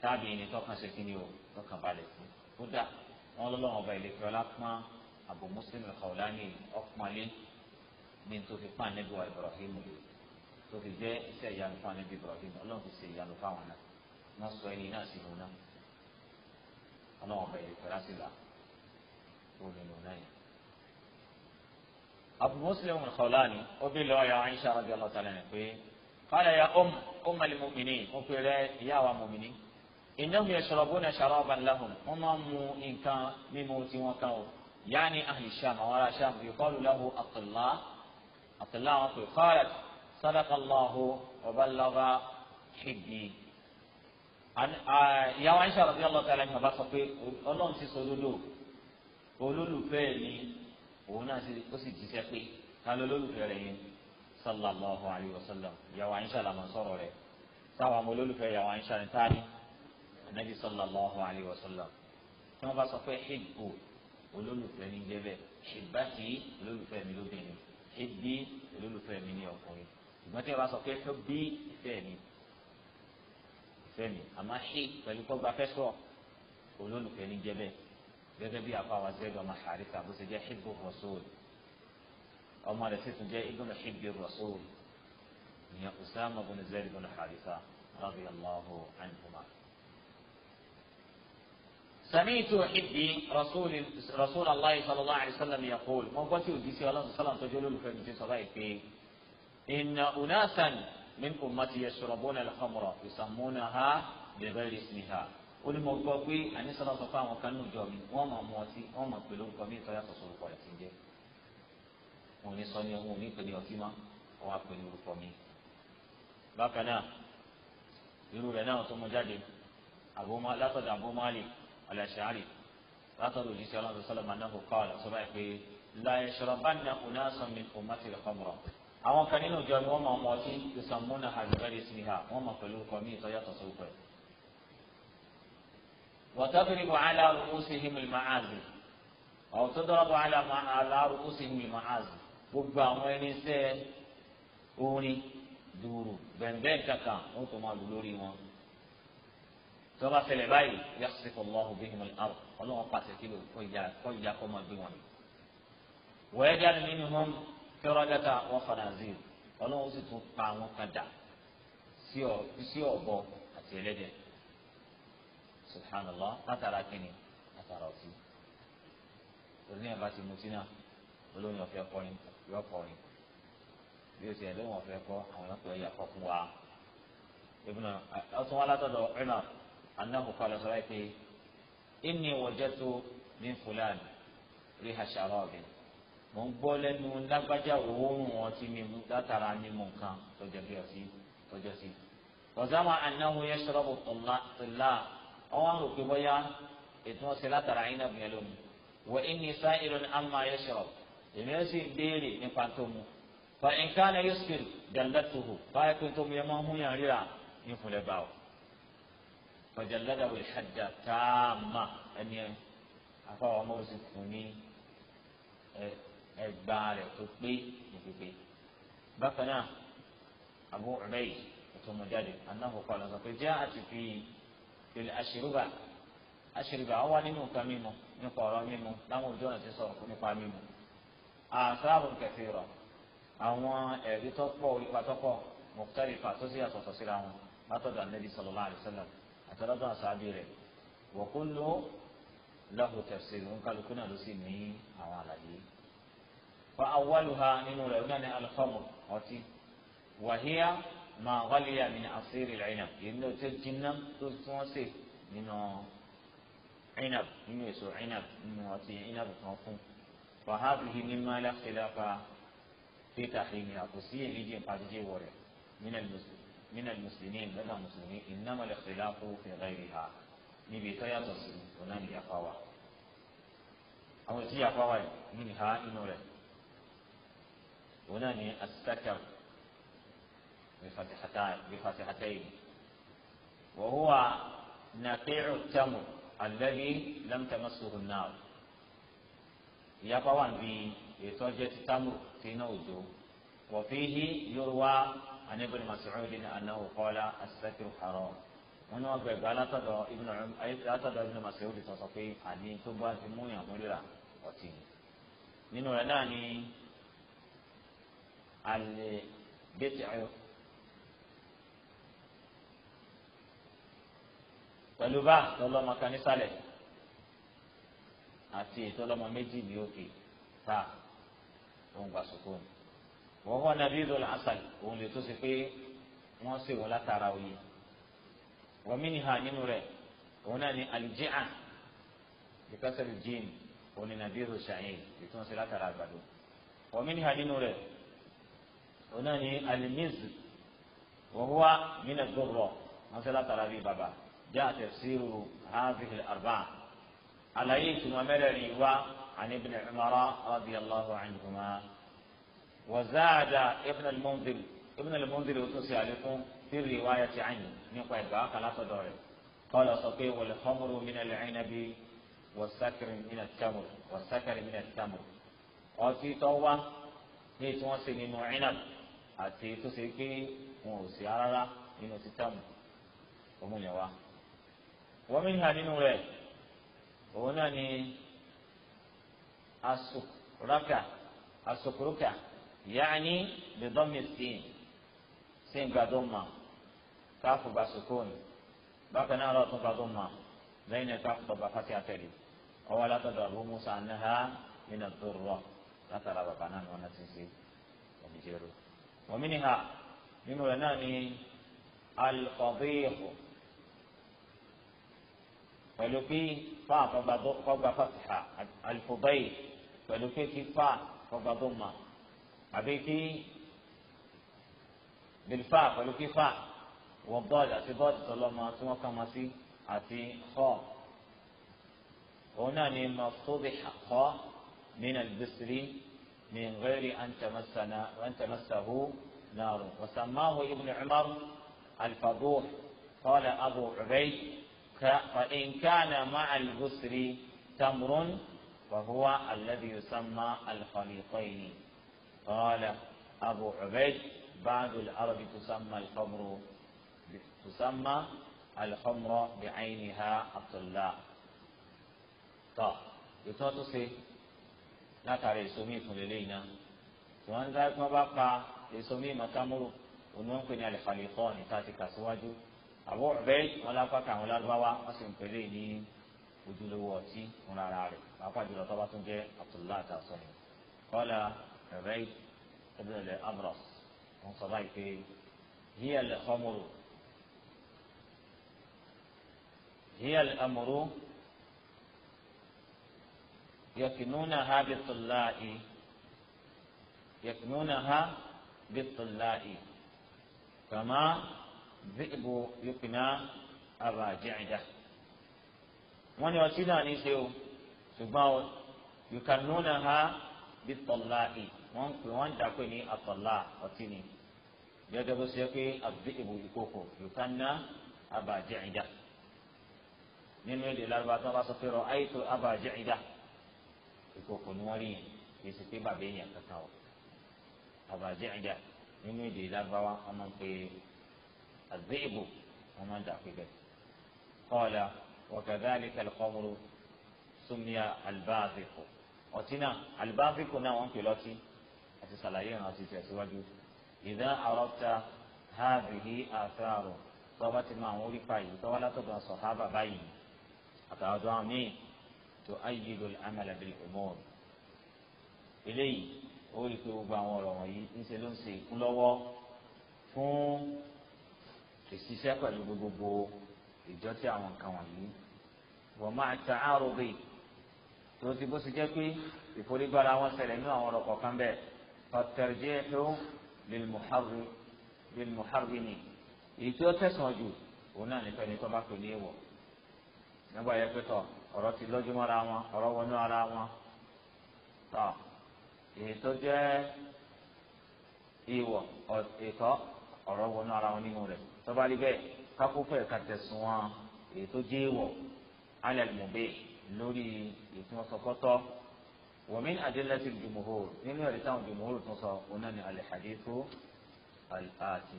tàbí ẹni tọ́kàn ṣe kí ni o tọ́kàn balẹ̀ fún ó dà wọn lọ́lọ́wọ́ ọba ìlẹ̀kẹ́ ọlápọ́n àbò mùsùlùmí ní kàwlání ọ̀pọ̀nlé tó fi jẹ́ iṣẹ́ ìyanu fún alẹ́ bíbọ̀ ọ̀dẹ́ni ọlọ́run ti ṣe ìyanu fáwọn náà wọ́n sọ ẹni náà sínú náà ọlọ́run ọba ìlú pẹ̀lá sí là ó nínú náà yẹn. Abu Muslim al-Khawlani ó bí lọ́ọ́ ya Aisha radiyallahu ta'ala anha pé qala ya umm ummul mu'minin ó pè rẹ ìyá wa mọ̀mìnì innahum yashrabuna sharaban lahum wọ́n máa ń mu nǹkan mímu صدق الله وبلغ حبي ìyàwó aisha rabi allah ta'ala ni bàbá sọ pé ọlọ́run ti sọ lódò olólùfẹ́ ni òun náà ó sì jíṣẹ́ pé ká ló lólùfẹ́ rẹ̀ yẹn sallallahu alayhi wa sallam ìyàwó aisha làmà sọ̀rọ̀ rẹ̀ táwọn ọmọ olólùfẹ́ ìyàwó aisha ni táàní anabi sallallahu alayhi wa sallam tí wọ́n bá sọ pé hibbu olólùfẹ́ ni jẹ́ bẹ́ẹ̀ hibbati olólùfẹ́ mi lóbìnrin hibbi olólùfẹ́ mi ní ọkùnrin. ما تقرا صوتين حبي الثاني الثاني اما حي فليطبع كسره ولونه كان جبه gẹ́gẹ́ bí àfàwà zẹ́gà ọmọ àríkà bó ṣe jẹ́ hibbu rasul ọmọ rẹ̀ sì tún jẹ́ ibùdó hibbi rasul ìyẹn usama bin zayd bin haritha radiyallahu anhuma. سمعت حبي رسول رسول الله صلى الله عليه وسلم يقول ما قلت وديسي الله صلى الله عليه وسلم تجول في صلاة إن أناسا من أمتي يشربون الخمر يسمونها بغير اسمها ó ní mo gbọ́ pé ànísọ́lá sọ fún àwọn kan ní ìjọ mi wọ́n máa mu ọtí wọ́n máa pè lórúkọ mi ìtọ́jà sọ̀sọ̀ orúkọ rẹ̀ ti ń jẹ́ wọn ò ní sọ ní wọn ò ní pè ní ọtí mọ́ wọn á pè ní orúkọ mi. bákan náà irú rẹ̀ náà tó mú jáde látọ̀dọ̀ Abu Malik al-Ash'ari látọ̀dọ̀ òjíṣẹ́ ọlọ́run sọ́lọ́mà náà kọ́ ọ̀la sọ báyìí pé la yashrabanna unasan min ummati al-khamra àwọn kan nínú ìjọ ni wọ́n máa mọ ọtí ìsàmúnà àgbẹ̀rẹ̀ ìsìnìhà wọ́n máa pẹ̀lú ọkọ̀ ní ìtọ́yàtọ̀ sókè. وتضرب على رؤوسهم المعازف أو تضرب على على رؤوسهم المعازف gbogbo àwọn irinṣẹ́ orin dùrù bẹ̀ǹbẹ̀ǹ kankan wọ́n tó máa lù lórí wọn. tó bá ṣẹlẹ̀ báyìí yasif allahu bihim al-ard ọlọ́wọ́n pàṣẹ kí kọ́ ìyá kọ́ máa gbé wọn. wẹ́ẹ́dá kẹrọdẹta wọn fanazin Ọlọ́run sì tún pa wọn padà sí ọ̀bọ àti ẹlẹ́dẹ̀ subhanallah látara kínní látara ọtí torí ẹ bá ti mutí náà olóyún ọ̀fẹ́ kọrin yọ kọrin bí o ti ẹ̀ lóyún ọ̀fẹ́ kọ àwọn ọ̀pẹ́ yà kọ fún wa ibùdó ọtún wa látọ̀dọ̀ ẹ̀nà anáhùkọ́ lọ sọ́ra pé inni wajadtu min fulan riha sharabin mò ń gbọ́ lẹ́nu lágbájá òórùn ọtí mímu látara mímu nǹkan tọjọ bí ọtí tọjọ sí. wọ́sàmà anáwó yẹ sọ́rọ́bù tòlá ọwọ́n rò pé bóyá ètò ọ̀sẹ̀ látara iná bìyẹn lónìí. wọ inú sá ìrọ̀lẹ́ àmà yẹ sọ̀rọ̀ èmi ó sì béèrè nípa tó mu. fa nǹkan náà yóò sùn dandatuhu báyìí pé tó mu yẹ máa ń múyàn ríra ní ìfúnlẹ̀ bá o ẹgbà rẹ̀ tó pé ní pípé bákan náà Abu Ubayd tó mú jáde anáhùn kọ́ lọ́sọ̀ pé jẹ́ àtìfi ìlẹ̀ àṣírùbà àṣírùbà wà nínú nǹkan mímu nípa ọ̀rọ̀ mímu láwọn ojú ọ̀nà ti sọ̀rọ̀ nípa mímu àṣàbù kẹfì rọ̀ àwọn ẹ̀rí tọ́pọ̀ ipa tọ́pọ̀ mọ̀kútàrí ipa tó sì àtọ̀tọ̀ síra wọn látọ̀dọ̀ ànábì sallallahu alaihi wasallam àtọ̀dọ̀ àṣàbì rẹ̀ wa kullu lahu náà ló sì ní àwọn àlàyé فأولها من نمولنا الخمر وتي وهي ما غلي من عصير العنب إنه تجنن تسوسي من عنب نينو يسو عنب نينو وتي عنب خافون فهذه مما لا خلاف في تحريمها قصية يجي قد يجي ورع من المسلم من المسلمين لدى المسلمين إنما الاختلاف في غيرها نبي تياتس ونبي أخوة أو تي أخوة منها إنه لك هنا هي السكر بفتحتين بفتحتين وهو نقيع التمر الذي لم تمسه النار يا يقوان بزوجة تمر في نوزه وفيه يروى عن ابن مسعود أنه قال السكر حرام هنا قال ابن ابن مسعود Ibn Mas'ud sọsọ pé àní tó bá ti mú al-bid'ah pẹ̀lú bá tọlọ́mọ kan nísàlẹ̀ àti ìtọ́lọ́mọ méjì ní òkè tá òun gbà sọ́kò ní. wọ́n wọ́n nàbí ìdọ̀lá àṣàlì òun lè tó ṣe pé wọ́n ṣe wọ́n látara òye. wọ́n mí nìha nínú rẹ̀ òun náà ní alìjíà ìkásẹ̀lì jíìn òun ní nàbí ìdọ̀lá ṣàyìn látara àgbàdo. wọ́n mí nìha nínú rẹ̀ òun náà ní alimizu wọ́wọ́ mina dọ̀rọ̀ mọ́sálá tara bíi bàbá já tafsiru hafihi arba àlàyé ìtumọ̀ mẹ́rẹ̀ẹ̀rin wá عن ابن عمر رضي الله عنهما وزاد ابن المنذر ابن المنذر وتوصي عليكم في الرواية عنه نقوى إبقاء ثلاثة دوري قال صفي والخمر من العنب والسكر من التمر والسكر من التمر ọtí tó wá ní tí wọ́n sì nínú ìnàbù àti tó ṣe pé wọn ò sí rárá nínú títàmù òmùyàn wa. wọ́n mi hà nínú rẹ̀ òun náà ni asukuraka asukuruka yaani bidomi sin sin gbadoma káfù basukuni bákan náà lọ́tún gbadoma lẹ́yìn ẹ̀ka tọba fati àtẹ̀lé ọwọ́ látọ̀dọ̀ Abu Musa anaha nínú tó rọ látara bàbá náà ni wọ́n ti ṣe òmìjẹ́rò. ومنها من علمائه الفضيح فلقي فا فوق فتحة الفضيح فلقي فا فوق ضمة أبيكي بالفا فلقي فا والضال أتي ضال صلى الله عليه وسلم كما سي أتي خا هنا نيم الصبح خا من البسرين من غير أن تمسنا وأن تمسه نار وسماه ابن عمر الفضوح قال أبو عبيد فإن كان مع البسر تمر فهو الذي يسمى الخليطين قال أبو عبيد بعض العرب تسمى الخمر تسمى الخمر بعينها الطلاء طب يتوتسي látara ìsomi míì fún lélẹ́yìn náà wọn dá wọn bá pa ìsomi míì mọ́tàmúrò òun pè ní àlẹ́fàlẹ́ kọ́ ní tá a ti kà síwájú àbọ̀ ọ̀bẹ wọn lápá kà wọn lárúbáwá wọn sì ń pèlè ní ojúlówó ọtí fún ara rẹ̀ pàápàá jùlọ tó bá tún jẹ́ Abdullah àtàsọ̀nù kọ́lá ọ̀bẹ ìbílẹ̀ amros wọn sọ báyìí pé هي الأمر هي الأمر يكنونها بالطلاء يكنونها بالطلاء كما ذئب يكنى الراجعدة wọ́n ní ọtí náà ní í ṣe o ṣùgbọ́n o yùkànnúnà ha bí tọ́lá ì wọ́n ń pè wọ́n ń dàpé ní àtọ̀lá ọtí ni gẹ́gẹ́ bó ṣe pé àbí ìkókò yùkànnà àbàjẹ́ ìdá nínú èdè lárúbá tó ń bá sọ pé rọ àìtó àbàjẹ́ ìdá ìkòkò oh, ni wọ́n rí yẹn kì í ṣe pé bàbá èèyàn kankan o àbàjẹ́ ẹ̀dá nínú èdè lágbáwá wọ́n máa ń pe àgbéèbò wọ́n máa ń dà pípẹ́ kọ́ọ̀lá وكذلك الخمر سمي الباذق ọtí náà alibáfíkù náà wọ́n pè lọ́tí àti sàlàyé ìrìn àti ìtẹ̀síwájú ìdá àrọ́ta hábìlì àtàrò tọ́ba ti máa ń orí pa yìí tọ́ba látọ̀dọ̀ sọ̀hábà báyìí àtàwọn míì tu'ayyidu al-amala bil-umur eléyìí ó rí i pé gbogbo àwọn ọ̀rọ̀ wọ̀nyí ńṣe ló ń ṣe ìkúlọ́wọ́ fún ìṣiṣẹ́ pẹ̀lú gbogbo ìjọ tí àwọn nǹkan wọ̀nyí wa ma'a ta'arudi tó ti bó ṣe jẹ́ pé ìforígbára wọn ṣẹlẹ̀ nínú àwọn ọ̀rọ̀ kọ̀ọ̀kan bẹ́ẹ̀ fatarjihu lil-muharrim lil-muharrimi èyí tó tẹ̀sán jù òun náà nípa ẹni tó bá pè ní èèwọ̀ nígbà yẹn pé tọ̀ ọ̀rọ̀ ti lọ́jú mọ́ra wọn ọ̀rọ̀ wọnú ara wọn tọ́ èyí tó jẹ́ ìwọ̀ ẹ̀tọ́ ọ̀rọ̀ wọnú ara wọn nínú rẹ̀ tó bá rí bẹ́ẹ̀ kákófẹ́ ká tẹ̀sùn wọn èyí tó jẹ́ ìwọ̀ alẹ́lùmọ̀bẹ́ lórí ìfúnṣọkọ́tọ́ wọ̀mí adélẹ́tì jùmọ̀hóró nínú ẹ̀rí táwọn jùmọ̀hóró tó sọ ọ̀nà ni alẹ́ hadithu al-ati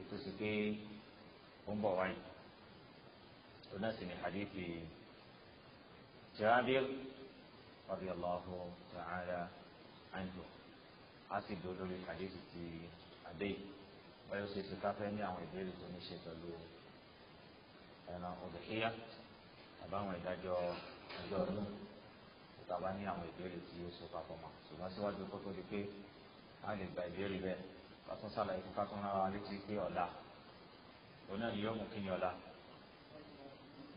ètò sì pé onasi ni hadithi Jabir radiyallahu ta'ala anhu asi do lórí hadithi ti adé wáyé ó ṣe ṣe káfẹ́ ní àwọn ìbéèrè tó ní ṣe pẹ̀lú ẹran ọ̀dọ̀kíyà àbáwọn ìdájọ́ ẹjọ́ ọdún tàbá ní àwọn ìbéèrè tí ó ṣe papọ̀ mọ́ ṣùgbọ́n síwájú kó tó di pé a lè gba ìbéèrè bẹ́ẹ̀ ká tún ṣàlàyé fún ká wa létí pé ọ̀la òun ni yóò mú kí ni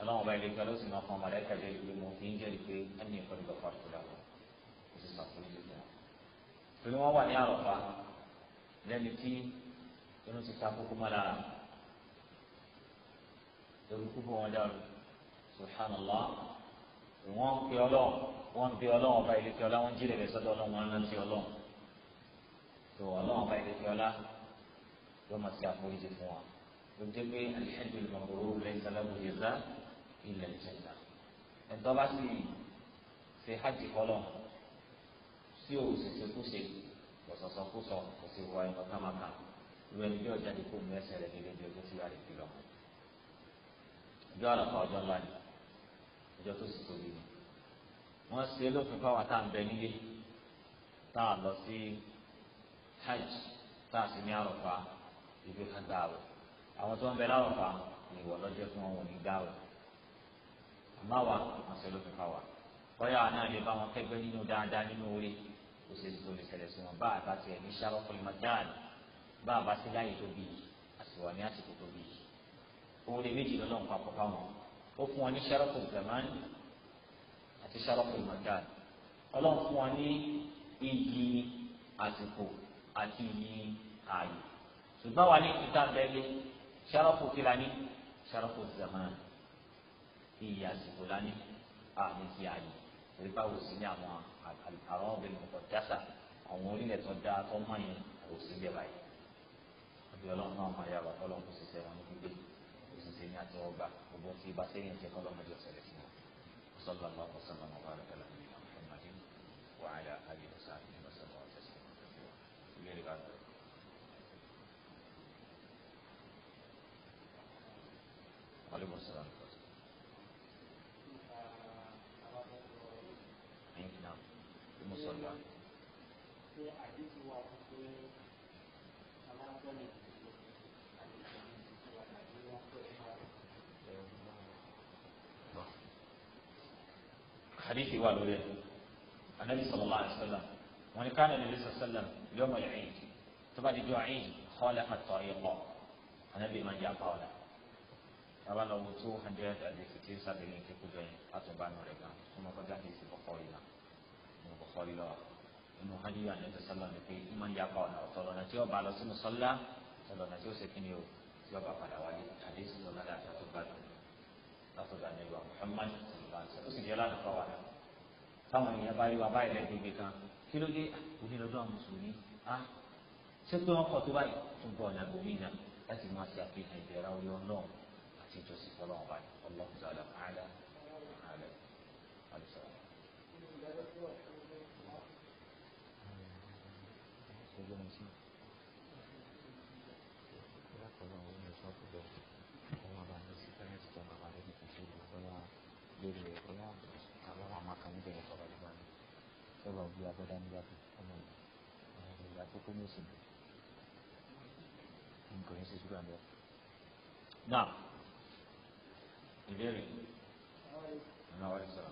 ọlọ́run ọba ìlẹ́kẹ́ ló sì máa fún ọmọlẹ́kẹ́ lé ìlú mo fi ń jẹ́rìí pé ẹni ìkọ́ ni bàbá àti ìlànà kò sì sàn fún ìlú náà. torí wọ́n wà ní àròfà lẹ́ni tí inú ti ta kókó má lára lórí kúkú wọn dàrú subhanallah wọ́n ń pe ọlọ́run wọ́n pe ọlọ́run ọba ìlẹ́kẹ́ ọlá wọ́n jílẹ̀ rẹ̀ sọ́dọ̀ ọlọ́run wọn láti ọlọ́run tó ọlọ́run ọba ìlẹ́kẹ́ ọlá yóò máa ṣe àforíjì fún wa lójú pé alhamdulilayi lẹ́yìn sálámù ilẹ̀ ìjẹ̀dá ẹ̀tọ́ bá sì ṣe hajj fọlọ́ sí òun ṣèṣekúṣe ọ̀sọ̀sọ̀kúsọ kò sí wọ ẹ̀kọ́ kámaka ìwé ẹni bí ọjà dìkú mú ẹsẹ̀ rẹ̀ nílé bí ojú tíwá rẹ̀ fi lọ. ìjọ àlọ́kọ̀ ọjọ́ ńlá ni ọjọ́ tó sì tóbi ni wọ́n ṣe lófin fáwọn tá à ń bẹ nílé tá à lọ sí hajj tá à sí ní àròfà ìgbé kan dáàbò àwọn tó ń bẹ láròfà ni ìwọ lọ́jọ́ fún wọn àmọ́ àwa àṣẹ ló fi ká wa bọ́yá náà lè bá wọn kẹgbẹ́ nínú dáadáa nínú orí kò sì tó lè ṣẹlẹ̀ sí wọn bá àbá tiẹ̀ ní sárọ́kọ̀ lè má dáàlì bá àbá sí láyé tó bí àṣìwà ní àsìkò tó bí orí méjì lọ́lọ́run papọ̀ fáwọn ó fún wọn ní sárọ́kọ̀ zamani àti sárọ́kọ̀ lè má dáàlì fún wọn ní iyì àsìkò àti iyì ààyè ṣùgbọ́n wà ní ìta bẹ́ẹ̀ lé sárọ́kọ̀ kí ní sárọ́kọ̀ zamani iye àsìkò lání àmì ti ààyè torí báwo sí ní àwọn àwọn obìnrin kò dáṣà àwọn orílẹ̀ tó dá tó mọ̀yìn kò sí bẹ́ẹ̀ báyìí àbí ọlọ́run náà máa yára ọlọ́run kò sì ṣe wọn ní gbígbé kò sì ṣe ní àti ọgbà gbogbo tí ibà sẹ́yìn ṣe kọ́ lọ́mọdé ọ̀sẹ̀lẹ̀ fún wọn. sọ́lá bá kọ́ sọ́lá bá wà lọ́kẹ́lá ní muhammadin hadithi wà lórí ẹ̀ anabi sallallahu alayhi wa sallam wọn ni káàdì nàbí sallam yawm al-eid tó bá di jọ eid kọ́lẹ̀ àtọ̀ ìkọ̀ anabi máa ń yà pa ọ̀la yàrá lọ wo two hundred and fifteen sábẹ̀lì ní kíkújọ yẹn àtúbà nù rẹ̀ gan tó mọ kọjá kìí sí bọ̀kọ́ yìí náà ní bọ̀kọ́ yìí lọ́wọ́ inú hajj yà nàbí sallam ni pé ó máa ń yà pa ọ̀la ọ̀tọ̀ lọ́nà tí ọba lọ sínú sọ́lá ọ̀tọ̀ lọ́nà tí ó ṣe kí ni o tí ọba padà wáyé àdéhùn lọ́nà àti àtúbà nù rẹ̀ látọ̀dọ̀ àníwá Muhammad ó sì jẹ́ lánàá fáwọn náà táwọn èèyàn bá rí wa báyìí lẹ́gbẹ̀ẹ́ gbé kan kí ló dé ah, onílọ́dọ̀ àwọn mùsùlùmí á ah, ṣé pé wọ́n kọ́ tó báyìí tún bọ̀ ọ̀nà gbòmí náà láti máa ṣe àfihàn ìbẹ̀rẹ̀ orí ọlọ́run àti ìjọsìn fọlọ́run báyìí ọlọ́run sọ̀rọ̀ àdá badan dia tu umum. Jadi aku pun mesti. Engkau yang sesuka anda. Nah, ini Nah, orang sana.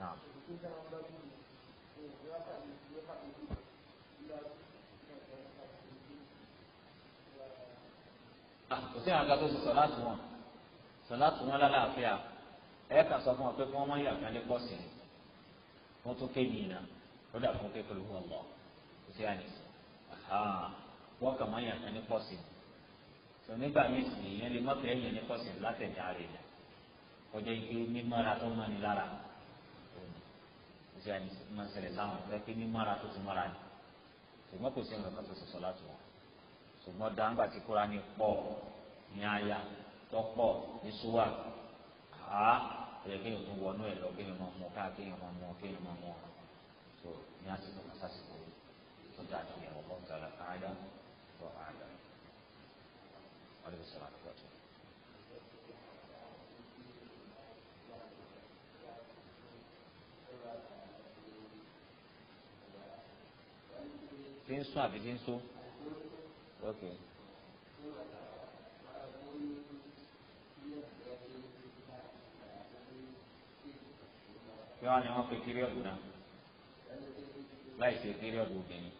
Nah. Ah, saya agak tu semua. sọlá tó wọn lálàáfíà ẹ kà sọ fún wọn pé kí wọn máa yà kan ní pọ́sì ni wọn tún ké nìyí náà ó dà fún kékeré wọn lọ kò sí àníṣe wọn kà máa yà kan ní pọ́sì ni sọ nígbà míì sì ìyẹn lè má fẹ́ yẹn ní pọ́sì látẹ̀dá rẹ̀ ni kọjá ike mímọ́ra tó mọ́ni lára sí àníṣe máa ṣẹlẹ̀ sáwọn ọ̀rẹ́ pé mímọ́ra tó ti mọ́ra ni ṣùgbọ́n kò sí nǹkan tó ṣe sọ láti wọn ṣùgbọ́n dáńgbà ti kóra ní pọ̀ ní àyà tọ́pọ̀ ní suwa a ẹ̀yẹ kí yóò tún wọnú ẹ̀ lọ kí yóò máa mọ ká kí yóò máa mọ kí yóò máa mọ so ní àsìkò náà sásìkò tó dáa tó yẹ wọ́n kọ́ nǹkan àádá tó àádá wọ́n lè sọ̀rọ̀ àti pọ̀tù. tí ń sún àbí tí ń sún. Okay. kí wọ́n ní wọ́n pe píríọ̀dù náà láì ṣe píríọ̀dù obìnrin.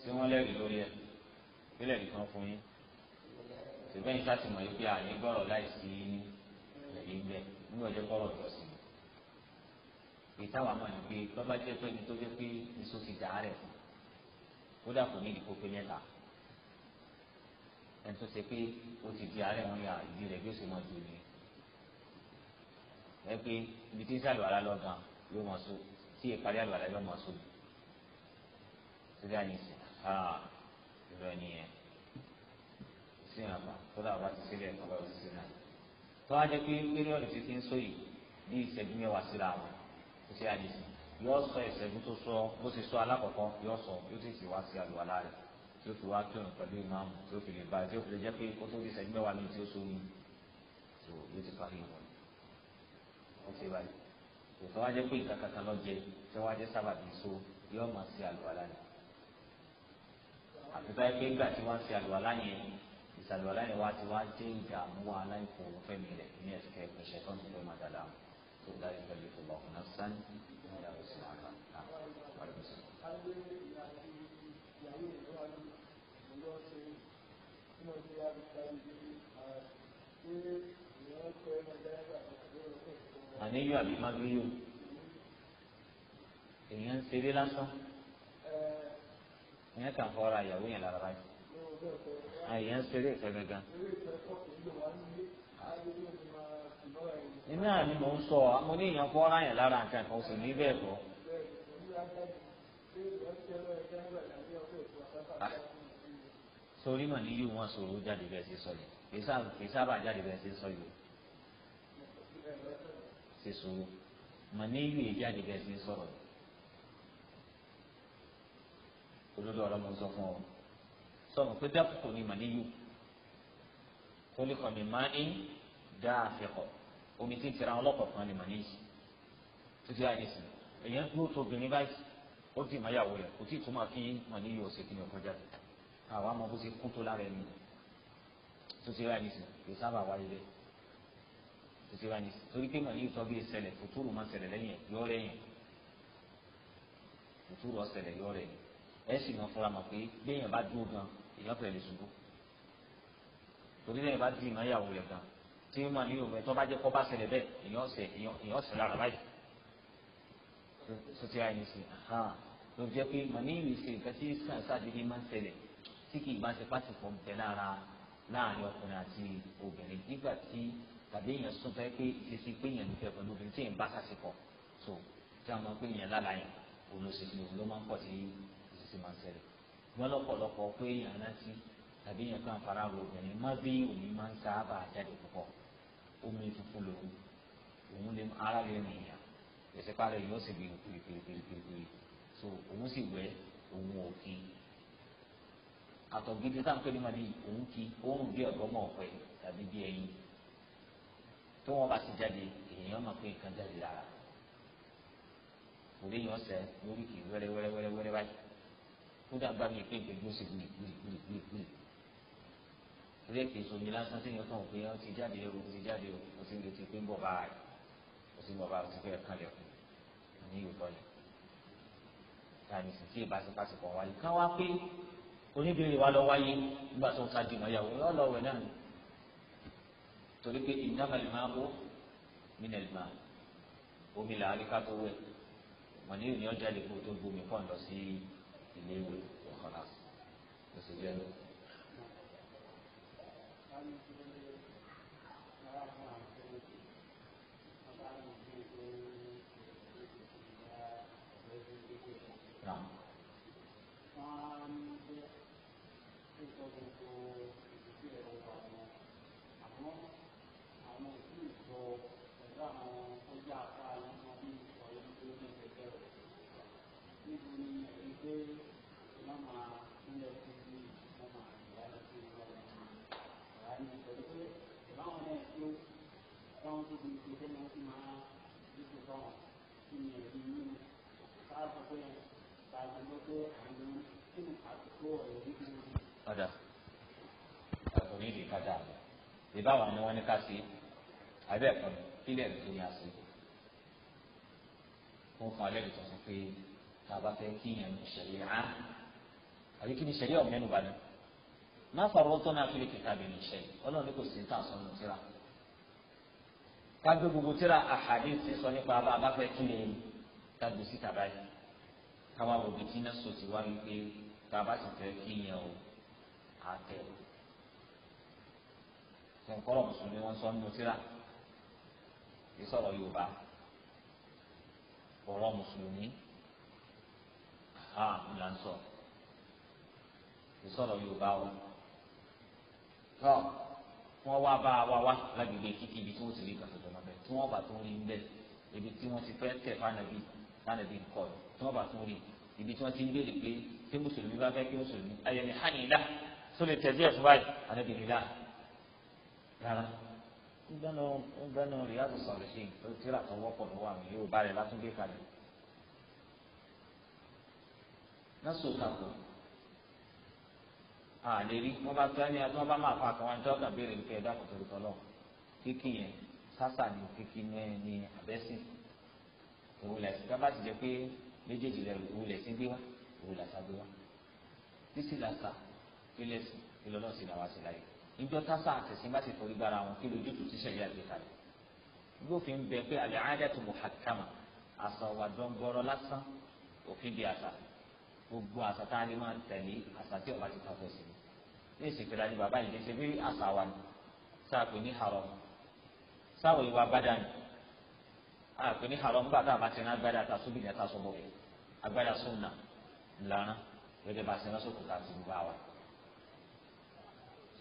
ṣé wọ́n lẹ́rìí lórí ẹ̀ pílẹ̀ nìkan fún yín ṣùgbọ́n yín sátìmọ̀ yìí pé àyè gbọ́rọ̀ láì sí ẹ̀rí ń bẹ̀ nígbà ọjọ́ gbọ́rọ̀ lọ sí i. ìtawà máa ń gbé bábá jẹ́ pé ní tó jẹ́ pé èso ti dà á rẹ̀ fún kódà kò ní ìdìbò pé mẹ́ta ẹni tó ṣe pé ó ti di àárẹ̀ wọn yà ìdí rẹ̀ bí ó ṣe máa dùn ní ẹ pé ibi tí ń sàlù àlá lọ gan yóò mọ̀ so tí ìparí àlù àlá yóò mọ̀ so sídà ní ìsìn ha ah, ìrọ nìyẹn sí àbá tó dàbá ti sílẹ̀ ọ̀bá ti sí náà tó wá jẹ́ pé píríọ̀dù ti fi ń sọ yìí ní ìṣẹ́jú mẹ́wàá síra wọn kò sí àdìsí yóò sọ ìṣẹ́jú tó sọ bó ti sọ alákọ̀ọ́kọ́ yóò sọ yóò sì sì wá sí àlùwàlá rẹ̀ tí ó fi wá kírun pẹ̀lú ìmáàmù tí ó fi lè bá tí ó fi lè jẹ́ pé kó tó ó ti báyìí tòtò wá jẹ́ pé nǹkan kankan lọ jẹ tí wọ́n á jẹ́ sábàbí so yóò máa ṣe àlùwàlá ni àtúntà yẹn pé nígbà tí wọ́n ń ṣe àlùwàlá yẹn ìsàlùwàlá yẹn wá ti wá dé ìdààmú aláìfò fẹ́mi rẹ̀ ní ẹ̀sìkẹ́ ìpèsè tó ń tẹ̀lé máa dàda tó dárí pẹ̀lú ìfowópamọ́ ọ̀hún náà sani ní ìyá òsì àná náà wà níyọ àbí má gbé yọ èèyàn ń ṣeré lásán eh. èèyàn kàn fọ́ra ìyàwó yẹn lára báyìí ah, èèyàn ń ṣeré ìfẹ́ gangan. èmi ni mò ń sọ mo ní èèyàn fọ́ra yẹn lára nǹkan kan sì ní bẹ́ẹ̀ bọ́. Ah, sórí mà ní yíò wọn sọ̀rọ̀ jáde bẹ́ẹ̀ sí sọ̀rọ̀ kì í sábà jáde bẹ́ẹ̀ sí sọ̀rọ̀ ṣe sùúrù mà ní ìlú èjì àdìgẹ sí sọ̀rọ̀ olódò ọ̀rọ̀ mo sọ fún ọ sọmọ pé dákòókò ni mà níyù kólíkọ mi máa ń dá àfikọ omi tí ń tẹ̀ra ọlọ́pàá kan ni mà níyì títí àdìsí èèyàn dúró tó obìnrin báyìí ó ti máyàwó rẹ kò tí ì tó máa fi mà níyù ọ̀sẹ̀ kí ni ọkọ jáde àwa mọ bó ti kú tó lára ẹni tó ti rà ní sìn sábà wáyé bẹ́ẹ̀ kò sí wáyé torí pé màá ní ìtọ́ bí ìṣẹ̀lẹ̀ fòtúrù máa ṣẹlẹ̀ lẹ́yìn yọ lẹ́yìn fòtúrù ọ̀ṣẹlẹ̀ yọ rẹ̀ ẹ sì mọ fúnra mọ̀ pé béèyàn bá dúró gan èèyàn pẹ̀lú ṣubú torí lẹ́yìn bá dì ìmọ̀ ìyàwó rẹ̀ gan tí màá ní ìròmọ̀ ẹ̀tọ́ bá jẹ́ kọ́ bá ṣẹlẹ̀ bẹ́ẹ̀ èèyàn ọ̀sẹ̀ èèyàn ọ̀sẹ̀ lára báyìí sọtí ayé ní sìn ló jẹ́ pé màá ní ìrìnsè nǹkan tí sàdédé máa ń ṣẹlẹ̀ tí kì í bá ṣe pàṣípọ̀ bẹ̀ lára láàrin ọkùnrin àti obìnrin nígbà tí tàbí èèyàn sùn fẹ́ pé ìṣesí pé èèyàn ló fẹ́ pẹ̀lú obìnrin tí èèyàn bá sàṣepọ so tí a máa pé èèyàn lálàá yẹn òun ló ṣe fi òun ló máa ń pọ̀ sí ìṣesí máa ń ṣẹlẹ̀ wọn lọ́pọ̀lọpọ̀ pé èèyàn rántí tàbí èèyàn kan fara ro obìnrin má bí òní máa ń sáábà jáde púpọ̀ omi funfun lòun òun lè ara lè rìn èèyàn ẹsẹ̀ pàrọ̀ yìí sì bí pèrèpèrèpèrèpèrè so òun sì wẹ̀ òun ò kí àtọ̀gídé táwọn pé ní ma ní òun kí òun bí ọ̀gbọ́n mọ̀ ọ̀pẹ tàbí bí ẹyin tó wọn bá ti jáde èèyàn máa pé nǹkan jáde lára òde yàn sẹ lórí kì í wẹrẹ wẹrẹ wẹrẹ wẹrẹ báyìí kódà bá mi pé nǹkan gbósè gbúlì gbúlì gbúlì gbúlì torí èké sọmi lásán tí yàn kàn ó pé ó ti jáde o ti jáde o ó ti lè pé ń bọ̀ báyìí ó ti bọ̀ báyìí ó ti fẹ́ kàn lẹ́kùn ní Yorùbá yìí tani sì tí ìbáṣepáṣepọ̀ wáyé ká wá pé oníbèrè wa lọ wáyé nígbà tó ń ká dìmọ̀ yàwó yọ lọ wẹ̀ náà torí pé ìdáfàlì máa kó mínẹ̀lì máa omi là á rí ká tó wẹ̀ wọ́n ní ìyẹn ọjà lè kó tó gbomi pọ̀ lọ sí ilé ìwé ọ̀kọ̀lá lọ́sọ̀jẹ́ ọ̀dà àtọ̀ ní ìdí kájà rẹ̀ ìbáwọn ni wọ́n ní ká sí abẹ́ ẹ̀kọ́ ni kílẹ̀ ní kíni àṣẹ. wọ́n fún alẹ́ ìtọ́ sọ pé tá a bá fẹ́ kíyàn ní ìṣẹ̀lẹ̀ á àbí kí ni ìṣẹ̀lẹ̀ ọ̀hún mẹ́nu bá ní. má fọwọ́ tó náà kílẹ̀ kíkà bẹ̀rẹ̀ ìṣẹ̀lẹ̀ ọlọ́run ní kò sí tá a sọ nù síra. kágbé gbogbo tíra àhàdé ti sọ nípa bá a bá fẹ́ kílẹ̀ kágbó síta báyìí káwá òbí tí náà sọ ti wá wípé tá a bá sì fẹ́ kíyàn o àtẹ ṣe nǹkan ọ̀rọ̀ mùsùlùmí wọn sọ nínú síra kì í sọ̀rọ̀ yorùbá ọ̀rọ̀ mùsùlùmí àà ah, ń là ń sọ kì í sọ̀rọ̀ yorùbá o tọ́ wọ́n wá bá wa wá lágbègbè kíkì ibi tí wọ́n ti rí kàtàkùn náà bẹ́ẹ̀ tí wọ́n bá tó rí ń bẹ́ẹ̀ ibi tí wọ́n ti fẹ́ tẹ̀ fánàbí fánàbí kọ̀ tí wọ́n bá tó rí ibi tí wọ́n ti ń béèrè pé tí mùsùlùmí bá fẹ́ kí mùsùlùmí ayẹyẹ hánilá tó lè tẹ̀lé ẹ̀sùn báyìí ànábì nílá rárá gbẹ́nu gbẹ́nu rìyàtọ̀ sọ̀rọ̀ sí tó tíra tó wọ́pọ̀ lọ́wọ́ àwọn yóò bá rẹ̀ látúndé kalẹ̀ násù kàkó àlè rí wọn bá tẹ́ ní ẹni wọn bá máa fa àkàwọn ẹjọ́ kan béèrè nǹkan ẹ̀dá kò torí tọ́lọ̀ kíkì yẹn sásà ni kíkì náà ní abẹ́sìn ìwòlẹ̀ sí ká bá ti jẹ pé méjèèjì rẹ̀ ìwòlẹ̀ sí gbé wá ìwòlẹ̀ sá gbé wá títí làṣà kí lẹ́sìn kí lọ́lọ́run sì náwó àṣìláyé ìjọ tásà àtẹ̀sìn bá ti forí gbára wọn kí lójútùú ti ṣẹ̀yà gbé kalẹ̀ gbófin bẹ pé al-aadatu muhakkama àṣà wà dọ́ngbọ́rọ́ lásán òfin di àṣà gbogbo àṣà tá a lè máa tẹ̀lé àṣà tí ọba ti ta fẹ́ sí ní ìsìnkìlá ni bàbá yìí ṣe bí àṣà wa ni sáàpè ní haram sáwọ ìwà bàdà ni àpè ní haram bàtà àbàtì ní agbádá àtàsóbì ní àtàsóbò agbádá sunna ńlára gẹ́gẹ́ bá a ṣe lọ́sọ̀kùnkà ti gbogbo àwa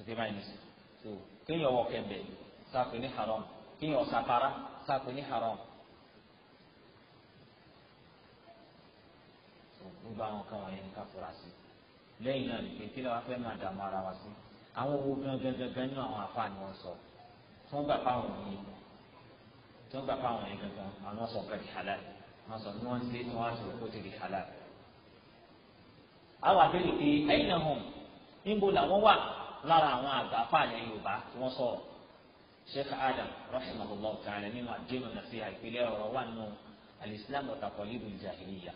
tètè báyìí nìsí so kéèyàn wọ kẹ̀mbẹ̀ sáàpè ní haram kéèyàn sàpárá sáàpè ní haram gbogbo àwọn kan wọ̀nyẹn ní ká fura sí lẹ́yìn náà nìkan kí lọ́wọ́ fẹ́ máa dààmú ara wa sí àwọn owó gangan gangan nínú àwọn afá ni wọ́n sọ tí wọ́n gbà fáwọn yìí tí wọ́n gbà fáwọn yìí gangan àwọn sọ nǹkan halal wọ́n sọ ní wọ́n ṣe tí wọ́n sọ kó ti di halal. àwọn àbẹ̀lẹ̀ pé ẹ̀yin náà hàn níbo làwọn wà lára àwọn àgbàfà ilẹ̀ yorùbá tí wọ́n sọ̀rọ̀ sheikh adam rahimahullah ta'ala nínú àdínú nasiha ìpínlẹ̀ ọ̀rọ̀ wà nínú alislam wa taqalidu al-jahiliya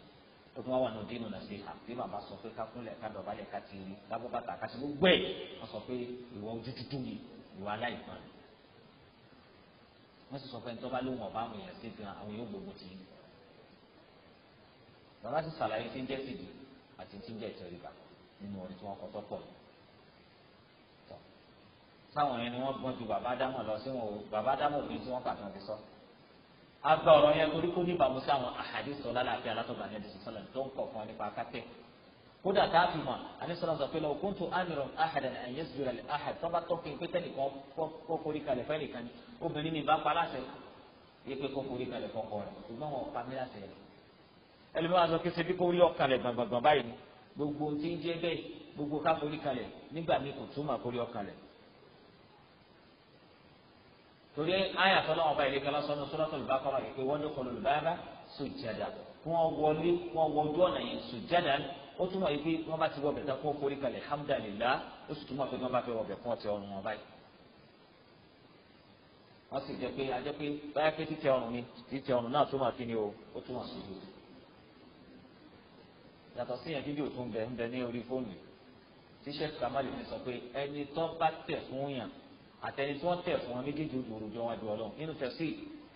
tó tún wá wà nínú dínú nasiha bí bàbá sọ pé kákúnlẹ̀ kádọ̀bálẹ̀ kátìrì lábọ́ bàtà kátì gbogbo ẹ̀ wọ́n sọ pé ìwà ojú tútù yìí ìwà aláìpọ́n wọ́n sì sọ pé ntọ́ bá lóun ọ̀bá àwọn èèyàn sí gan àwọn yóò gbogbo tì í bàbá sì sàlàyé tí ń jẹ́ sídìí àti tí ń jẹ́ ìtẹríba nínú ọ̀rẹ́ tí wọ́n kọ́ tọ́pọ̀ táwọn yẹn ni wọ́n gbọ́n ju bàbá dámọ̀ lọ sí wọn o bàbá dámọ̀ òfin tí wọ́n pàtó ti sọ. agbá ọ̀rọ̀ yẹn torí kó níbàámu sí àwọn àhàdí sọ lálàáfíà látọ̀gbà ní ẹ̀dùn sọ́nà tó ń kọ̀ fún ọ nípa akátẹ́. kódà káàfin mọ̀ àníṣọ́nà sọ pé lọ́wọ́ kóńtò ánìrọ̀ àhàdà ẹ̀yẹ sùdúrà àhàd tọ́ba tọ́kì pé tẹ́nìkan kó forí kalẹ̀ fẹ́nìkan ni obìnrin mi bá paláṣẹ yé pé kó forí kalẹ̀ fọkọ rẹ̀ ṣùgbọ́n wọn pa mí láṣẹ rẹ̀. ẹlòmíràn sọ pé ṣe bí kò rí ọkàlẹ̀ gbàngbàngbà báyìí torí àyà tó náà ọba ìlẹ́kẹ́ lọ́sọ́nù suratul Baqara yìí pé wọ́n ní kọlù bàbá sujada kí wọ́n wọlé kí wọ́n wọ ojú ọ̀nà yẹn sujada ó túmọ̀ yìí pé wọ́n bá ti wọ bẹ̀tẹ̀ kó forí kalẹ̀ hamdalillah ó sì túmọ̀ pé wọ́n bá fẹ́ wọ bẹ̀ fún ọ̀tẹ̀ ọ̀run wọn báyìí. wọ́n sì jẹ́ pé a pé báyà pé títẹ ọ̀run mi títẹ ọ̀run náà túmọ̀ kí ni ó túmọ̀ sí yàtọ̀ sí yẹn fídíò tó ń bẹ ń bẹ ní orí fóònù tíṣẹ́ẹ̀tì kamali mi sọ pé ẹni tó bá tẹ̀ fún yàn àtẹni tí wọ́n tẹ̀ fún wọn méjèèjì ojú orúkọ wọn ju ọlọ́run nínú tẹ̀sí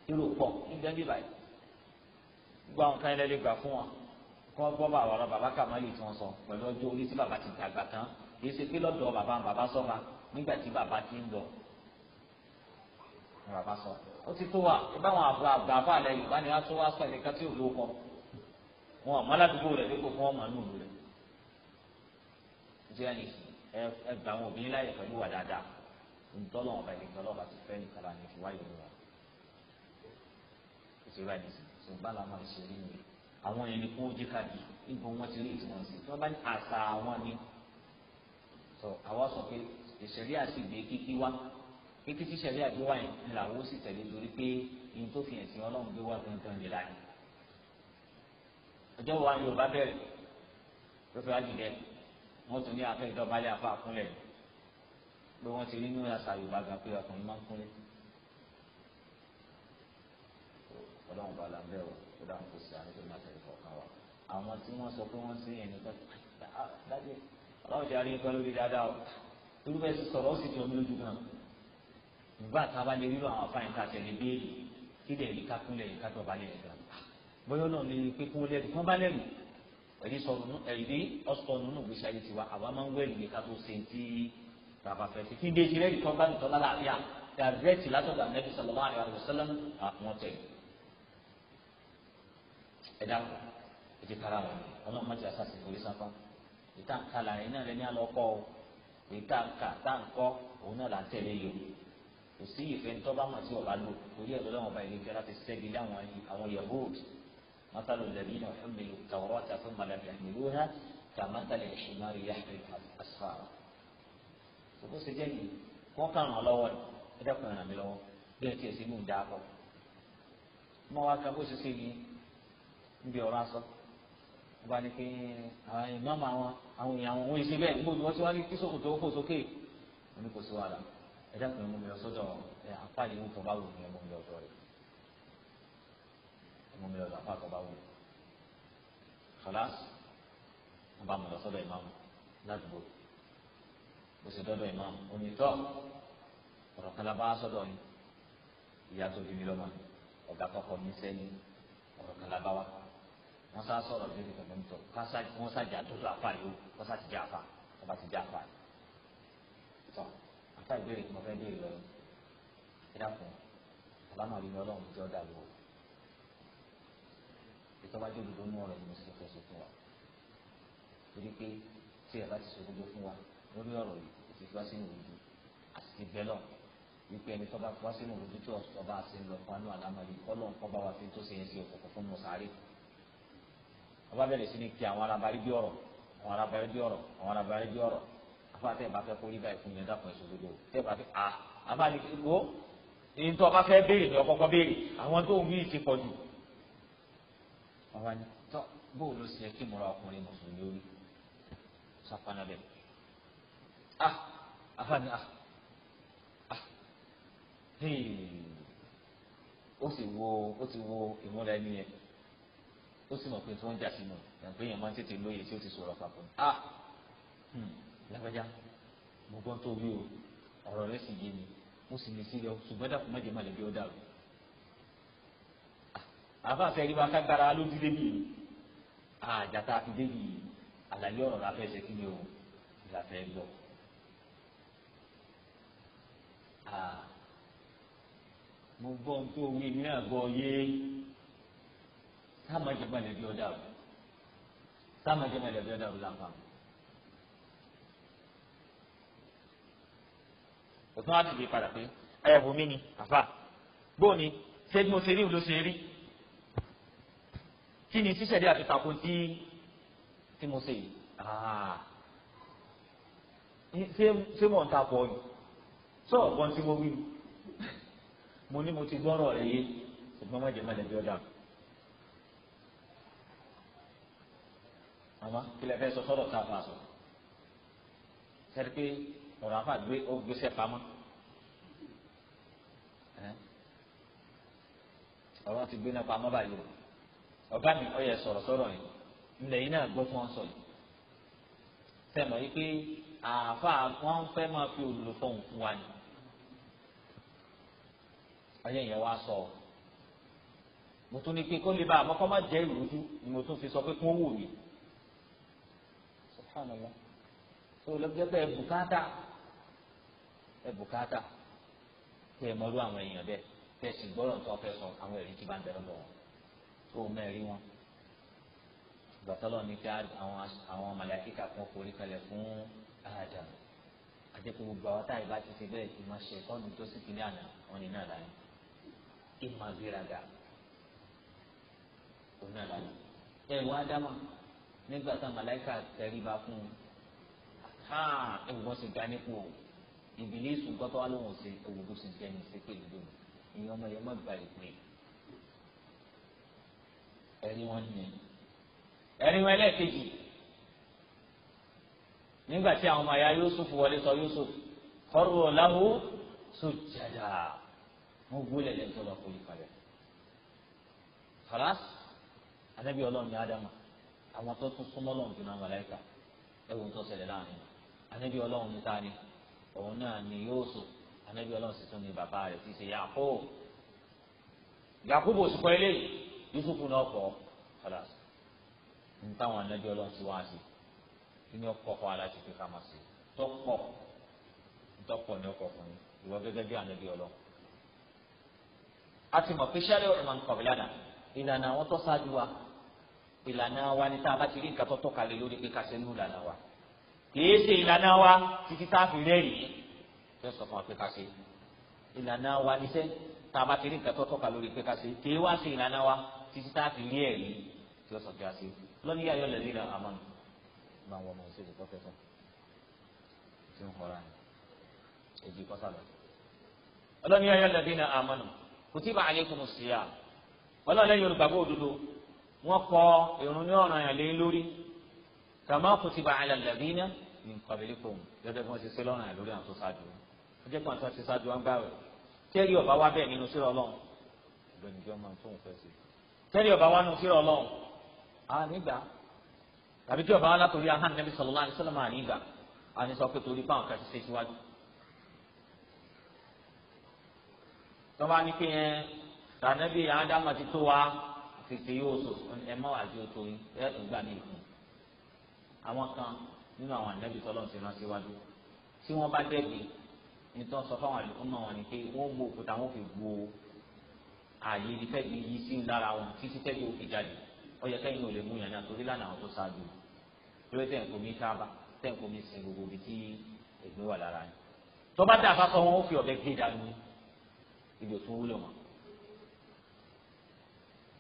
irú pọ̀ níbẹ̀ níbà yìí gbọ́ àwọn kan lẹ́lẹ́ gbà fún wọn kí wọ́n gbọ́ bàbá ọ̀rọ̀ bàbá kàmáyé tí wọ́n sọ pẹ̀lú ọjọ́ orí tí bàbá ti dàgbà tán kì í ṣe pé lọ́dọ̀ bàbá bàbá sọ́ba nígbà tí bàbá ti ń lọ bàbá sọ ó ti tó wa báwọn àgbà àfa alẹ́ yorùbá ni wọ́n tó wá sọ ẹ̀ka tí òun kọ wọn àmọ́ aládùúgbò rẹ̀ dípò fún ọmọ ntọ́lọ̀ ọba ìlẹ̀kẹ́ ọlọ́ba ti fẹ́ nìkan la ní fi wáyé lọ́wọ́ ètò ìwà ìdìsí tó bá la máa ṣe nínú àwọn yẹn ni kó o jẹ́ káàdì níbo wọ́n ti rí ìtumọ̀ sí tí wọ́n bá ní àṣà àwọn ni tó àwa sọ pé ìṣẹ̀rí àti ìgbé kíkí wá kíkí tí ìṣẹ̀rí àti wá yẹn ni làwọn ó sì tẹ̀lé torí pé ihun tó fi ẹ̀sìn ọlọ́run gbé wá gangan lè láàyè ọjọ́ wa ni Yorùbá bẹ̀rẹ̀ tó fi wá jù dẹ́ wọ́n tún ní afẹ́ ìdọ́balẹ̀ afá àkúnlẹ̀ yìí bí wọ́n ti rí nínú àṣà yorùbá gan pé ọkùnrin máa ń kúnlé ọlọ́run bá la ń bẹ̀rù tó dáhùn kò sí àánú tó máa tẹ̀lé kọ̀ọ̀kan wa àwọn tí wọ́n sọ pé wọ́n sí yẹn nìkan ah, dájú ọlọ́run ti arí nǹkan lórí dáadáa o torí bẹ́ẹ̀ ti sọ̀rọ̀ ó sì jọ mí lójú náà nígbà tá a bá lè rí àwọn afáyín ká tẹ̀lé béèrè kí lè rí kákúnlẹ̀ yìí kátó bá lè rí gan bóyá náà ní pé kún lẹ́rù kán bá lẹ́rù ẹ̀rí ọ̀sọ̀ nínú ìgbésí ayé tiwa àwa máa ń wẹ̀rù ní ká tó ṣe ti tàbá fẹ́ sí kí n dé ṣe lẹ́yìn tó bá ní tọ́lá láàbíà dàrẹ́tì látọ̀dọ̀ ànábì sallallahu alaihi wasallam àwọn tẹ̀. ẹ dákun ẹ ti kára wọn ọlọ́run má ti àṣàṣì forí sáfá ìta ń kalà yín náà lẹ́ni àlọ́kọ́ o ìta ń kà tá ń kọ́ òun náà là ń tẹ̀lé yìí o kò sí ìfẹ́ ní tọ́ba màtí ọba lò torí ẹ̀rọ lọ́wọ́ ọba ìlẹ́jọ́ láti ṣẹ́gi láwọn àwọn yahood مثل الذين حملوا التوراة ثم لم يحملوها كمثل الحمار يحمل أسفارا sọfọ ṣe jẹ́ nìyí wọ́n kà ràn lọ́wọ́ ẹ dẹ́kun ràn mí lọ́wọ́ bí ẹ tiẹ̀ sí mú dáa pọ̀ mọ́ wa ká bó ṣe ṣe yìí níbi ọ̀rọ̀ aṣọ wọ́n bá ní pé àwọn ìmáàmù àwọn àwọn èèyàn àwọn òun ìṣe bẹ́ẹ̀ níbo ni wọ́n ti wá ní kíso kòtò kò sókè wọ́n ní kò sí wàhálà ẹ dẹ́kun mú mi lọ sọ́dọ̀ ẹ apá yìí ń tọ́ bá wù ẹ mú mi ọ̀dọ̀ rẹ̀ ẹ mú mi ọ̀dọ̀ apá tọ́ bó ṣe dọ́dọ̀ imam onítọ́ ọ̀rọ̀ kan lábá sọ́dọ̀ yìí ìyá tó bí mi lọ́mọ ọ̀gá kọ́kọ́ mi sẹ́yìn ọ̀rọ̀ kan lábá wa wọ́n sá sọ̀rọ̀ lórí ìfẹ́ mi tọ́ wọ́n sá jà dúdú àfa yìí wọ́n sá ti jà àfa wọ́n bá ti jà àfa tọ́ àfa ìbéèrè tí mo fẹ́ béèrè lọ́yọ̀ ẹ dákun àlámàrí ni ọlọ́run ti ọ̀dà lọ́wọ́ ìtọ́wájú òdodo nù ọ̀rọ̀ ni sọ fún wa torí pé tí ẹ bá ti sọ gbogbo fún wa lórí ọ̀rọ̀ yìí kò ti fẹ́ sínú ojú àti ti bẹ́ lọ́n wípé ẹni tó bá fọ́ sínú ojú tó ọ̀sọ̀ bá ṣe ń lọ fún anú àlámọ́lé kọ́lọ́n kọ́ bá wa fi tó ṣe yẹn sí òkùnkùn fún mùsàárì. ọba bẹ̀rẹ̀ sí ni kí àwọn arábàárí bí ọ̀rọ̀ àwọn arábàárí bí ọ̀rọ̀ àwọn arábàárí bí ọ̀rọ̀ afáàtẹ̀ bá fẹ́ kórí báyìí fún yẹn dákun ẹ̀sùn gbogbo tẹ́ bá fẹ́ à àbáni kó ẹni tó bá ah àfààní ah ah ó sì wo ó ti wo ìmúra ẹni yẹn ó sì mọ̀ pé tí wọ́n jà sínú ìyàgbé yẹn máa ń tètè lóye tí ó ti sọ̀rọ̀ papọ̀ ah hmm. lágbájá mo gbọ́ tó wí o ọ̀rọ̀ rẹ sì yé mi mo sì lè sílẹ̀ ṣùgbọ́n dàpọ̀ mẹ́jẹ̀ má lè bí ó dàrú. Ah. àfàṣẹ rí máa kágbára lójú débi yìí àjàtà àti débi yìí àlàyé ọ̀rọ̀ la fẹ́ ṣe kí ni o la fẹ́ gbọ́. Ah. mo gbọ́ tó wí ní àgọ́ yé sáàmà jẹ́ mọ̀lẹ́bí ọ̀dà o sáàmà jẹ́ mọ̀lẹ́bí ọ̀dà o láǹfààní. òtún wá dìde padà pé ayàwó mi ni àfà bóò ni ṣé mo ṣe rí ló ṣe rí kí ni ṣíṣẹ̀dí àti takò tí tí mo ṣe yìí ah. ṣé mo ń takò ọ̀yìn sọ ọ̀gbọ́n tí mo wí mo ní mo ti gbọ́rọ̀ rẹ yé ṣùgbọ́n má jẹ́ má lẹ́bi ọ̀dà. àmọ́ kí lẹ fẹ́ sọ sọ́dọ̀ tá a fà sọ sẹ́ni pé ọ̀rọ̀ afa gbé ó gbèsè pamọ́ ọ̀rọ̀ ti gbé náà pamọ́ báyìí o ọ̀gá mi ọ̀yẹ̀ sọ̀rọ̀ sọ̀rọ̀ yìí ńlẹ̀ yìí náà gbọ́ fún ọ sọ yìí sẹ́mi ọ̀ yìí pé àáfàá wọn fẹ́ máa fi òdòdó fọ̀hún fún wa ni ọyẹ yẹn wá sọ mo tún ní pé kó lè bá àmọ́kọ́ má jẹ́ ìrújú ni mo tún fi sọ pé kó wò mí subhanallah tó lọ́gbẹ́ bẹ́ẹ̀ bùkátà ẹ bùkátà kí ẹ mọ́rú àwọn èèyàn bẹ́ẹ̀ tẹ̀sí gbọ́dọ̀ tó fẹ́ sọ àwọn ẹ̀rí tí bá ń bẹ̀rẹ̀ lọ́wọ́ tó mẹ́rin wọn gbàtọ́lọ́ ní kí àwọn màláíkà kan forí kalẹ̀ fún Ádámù àti pé gbogbo àwọn táyì bá ti ṣe bẹ́ẹ̀ tí wọ́n ṣe kọ́ọ̀dù tó sì fi ní àná wọn ní náà ìmọ̀ àgbéraga òun náà lálẹ́ ẹ wọ ádámà nígbà tá màláìka tẹríba fún un hàn ẹ̀wọ̀n sì ga nípò ìbílẹ̀ ìsùn gbọ́tọ́ alóhùn sí ẹ̀wọ̀n tó sì jẹ́ ní sẹ́kẹ̀lì lónìí ìyẹn ọmọ yẹn má gba ìpè ẹ̀rí wọn ni ẹ̀rí wọn ẹlẹ́ẹ̀kejì nígbà tí àwọn ọmọ àyà Yusuf wọlé sọ Yusuf kharru lahu sujjada. wọ́n gbólẹ̀ lẹ́yìn tó lọ forí kalẹ̀ khalas anabi ọlọ́run ní adama àwọn tó tún súnmọ́ lọ́run jù náà anabi ọlọ́run ní tani òun náà ni anabi ọlọ́run sì tún ní bàbá rẹ̀ ti anabi ọlọ́run ti wá sí kí ni ọkọ̀ kọ́ aláṣẹ fi kàmá ni fún anabi a ti mọ̀ pé sẹ́rẹ̀ ọ̀rọ̀ máa ń kọ̀wé lánàá ìlànà àwọn tó ṣáájú wa ìlànà wa ni tá a bá ti rí nǹkan tó tọ́ka lé lórí pé kàṣẹ́ nù ìlànà wa kìí ṣe ìlànà wa títí tá a fi rẹ́rìí yóò sọ fún wa pé kàṣẹ́ ìlànà wa ni sẹ́ tá a bá ti rí nǹkan tó tọ́ka lórí pé kàṣẹ́ kìí wá ṣe ìlànà wa títí tá a fi rí ẹ̀rí sọ pé kàṣẹ́ lọ́ní yàyọ̀ lẹ́lẹ́ ìlànà àmọ́ nù máa wọ ọmọ ìṣèlú tó fẹ́ kutiba aleikum siyam ọlọ́ọ̀lẹ́ yorùbá bó dodo wọ́n kọ irun ní ọ̀ràn yàn lé lórí kama kutiba ala alladhina min qablikum gẹ́gẹ́ bí wọ́n ti ṣe lọ́ràn yàn lórí àwọn tó ṣáájú wọ́n jẹ́ kí wọ́n tó ṣe ṣáájú wọn gbààwẹ̀ tẹ́lẹ̀ ọba wa bẹ́ẹ̀ nínú sírọ̀ ọlọ́run lónìí ọmọ tó ń fẹ́ sí tẹ́lẹ̀ ọba wa nínú sírọ̀ ọlọ́run a nígbà tàbí tí ọba wa látòrí ahánilẹ́bí sallallahu alaihi wasallam ànígbà a ní sọ pé torí báwọn kan ṣe síwájú tó bá ní kí yẹn tànẹ́bí ádámà ti tó wa tètè yóò sọ ẹ mọ́ àti oṣù yín ẹ tó gbà ní ìfún àwọn kan nínú àwọn ànábì tọ́lọ̀ ti rán síwájú tí wọ́n bá dẹ́bi nítorí sọ fáwọn àlùkò náà wọn ni pé wọ́n mú òkúta wọn fi wo ààyè ibi tẹ́bi yìí sí lára wọn títí tẹ́bi òkè jáde ó yẹ kẹ́yìn ò lè mú yàn náà torí lánàá àwọn tó ṣáájú lórí tẹ̀ ń kó mi sábà tẹ̀ mi sin gbogbo ibi tí ègbé wà lára yẹn tó bá dà fásọ wọn ó fi ọ̀bẹ gbé dànù ibi ò tún wúlò mọ́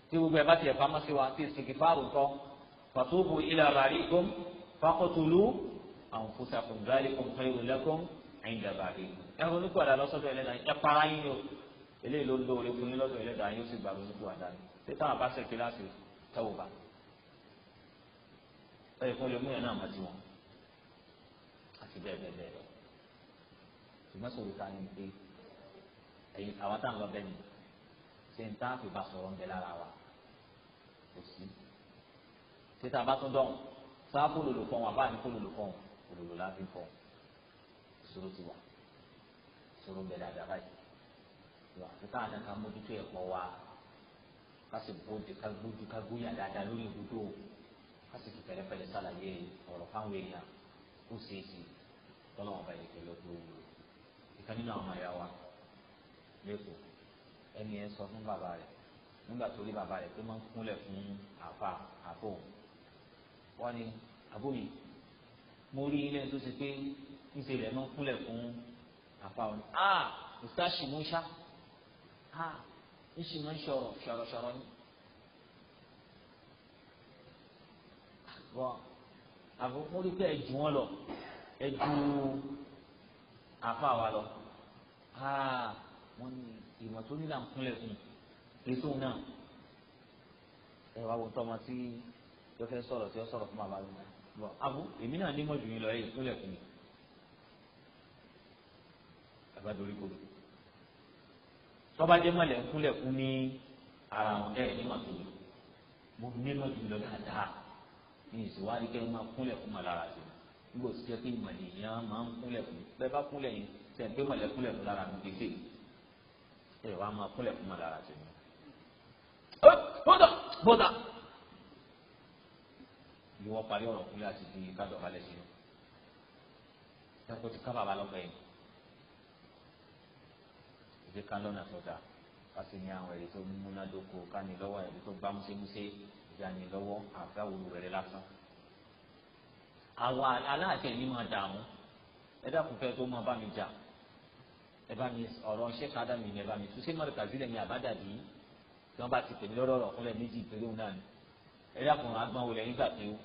tí gbogbo ẹ bá tiẹ̀ pamọ́ sí wa tí ìsìnkì fáàrù tọ́ fàtóbù ilà barikum faqtulu anfusakum dhalikum khayrun lakum inda barikum ẹ ronú padà lọ́sọ̀dọ̀ ẹlẹ́dàá ẹ para yín o eléyìí ló lóore fún yín lọ́sọ̀dọ̀ ẹlẹ́dàá yóò sì gbà ronú padà ní ṣé táwọn bá ṣe kíláàsì tẹ́wọ̀ bá ẹ fún ilé mú náà má ti wọn àti bẹ́ẹ̀ bẹ́ẹ̀ bẹ́ẹ̀ lọ ẹ̀yin àwa tá à ń lọ bẹ́ẹ̀ ni ṣé n táà fi bá sọ̀rọ̀ ń bẹ lára wa kò sí títa bá tún dọ̀hùn sáàbù lòlò fọ́n àbá àdínkù lòlò fọ́n òlòlò láti fọ́n ìṣòro ti wà ìṣòro bẹ̀rẹ̀ àdàbà yìí ìwà àfikà àdàkà mójútó ẹ̀kọ́ wa ká sì gbójú ká gbójú ká gbóyà dáadáa lórí ìbúdó ká sì fi pẹ̀lẹ́pẹ̀lẹ́ sàlàyé ọ̀rọ̀ fáwọn èèyàn ó ṣeé ṣe tọ́lọ́wọ́n bá kẹlẹ́ tó lẹ́kọ̀ọ́ ẹni yẹn sọ fún bàbá rẹ̀ nígbà tó rí bàbá rẹ̀ pé máa ń kúnlẹ̀ fún àfa àfọ̀ wọ́n ní àbóyè mo rí ilé tó ṣe pé ńṣe rẹ̀ máa ń kúnlẹ̀ fún àfa òní a ìsáṣì mú ṣá a ń ṣì máa ń ṣọ̀rọ̀ ṣọ̀rọ̀ ṣọ̀rọ̀ ni. àbò mo rí pé ẹ jù wọ́n lọ ẹ jù àfa wa lọ wọ́n ní ìmọ̀ tó nílà ń kúnlẹ̀ fún ètò náà ẹ wá wo tọmọ tí yọ fẹ́ sọ̀rọ̀ tí ó sọ̀rọ̀ fún bàbá mi bọ̀ abu èmi náà ní mọ̀jú yín lọ ẹ̀ kúnlẹ̀ fún mi bàbá dorí kò tọ́ba jẹ́ mọ̀lẹ̀ kúnlẹ̀ fún ní ara wọn ẹ̀ ní mọ̀jú mi mo ní mọ̀jú mi lọ dáadáa ní ìsìwárí kẹ́ ń máa kúnlẹ̀ fún màlára sí nígbà tí jẹ́ pé mọ̀lẹ̀ yẹn máa ń kúnlẹ̀ fún bẹ́ẹ̀ bá kúnlẹ̀ yẹn tẹ̀ pé mọ̀lẹ̀ kúnlẹ̀ fún lára mi kékeré ẹ wàá máa kúnlẹ̀ fún wọn lára sí mi. bọ́dà bọ́dà ni wọ́n parí ọ̀rọ̀ kúnlẹ̀ àti di kájọ̀ balẹ̀ sí i. ẹ̀kọ́ ti ká bàbá lọ́gbẹ̀ẹ́ yìí. ìdí kan lọ́nà tó dáa kasi ní àwọn ẹ̀rí tó múnádóko kání lọ́wọ́ ẹ̀rí tó gbá músémúsé ìyáni lọ́wọ́ àfẹ́wòrú rẹ̀ lásán. àwa aláàtẹ̀ ní máa dààmú ẹ̀dá kò fẹ́ tó máa bá mi jà ẹ bá mi ọ̀rọ̀ Sheikh Adam ni ẹ bá mi tú ṣé mọ̀rẹ́ kàbí lẹ́mi àbádàbí tí wọ́n bá ti pè mí lọ́rọ̀ ọ̀rọ̀ fúnlẹ̀ méjì péré òun náà ni ẹ dákun agbọ̀n wò lẹ́yìn gbà pé ó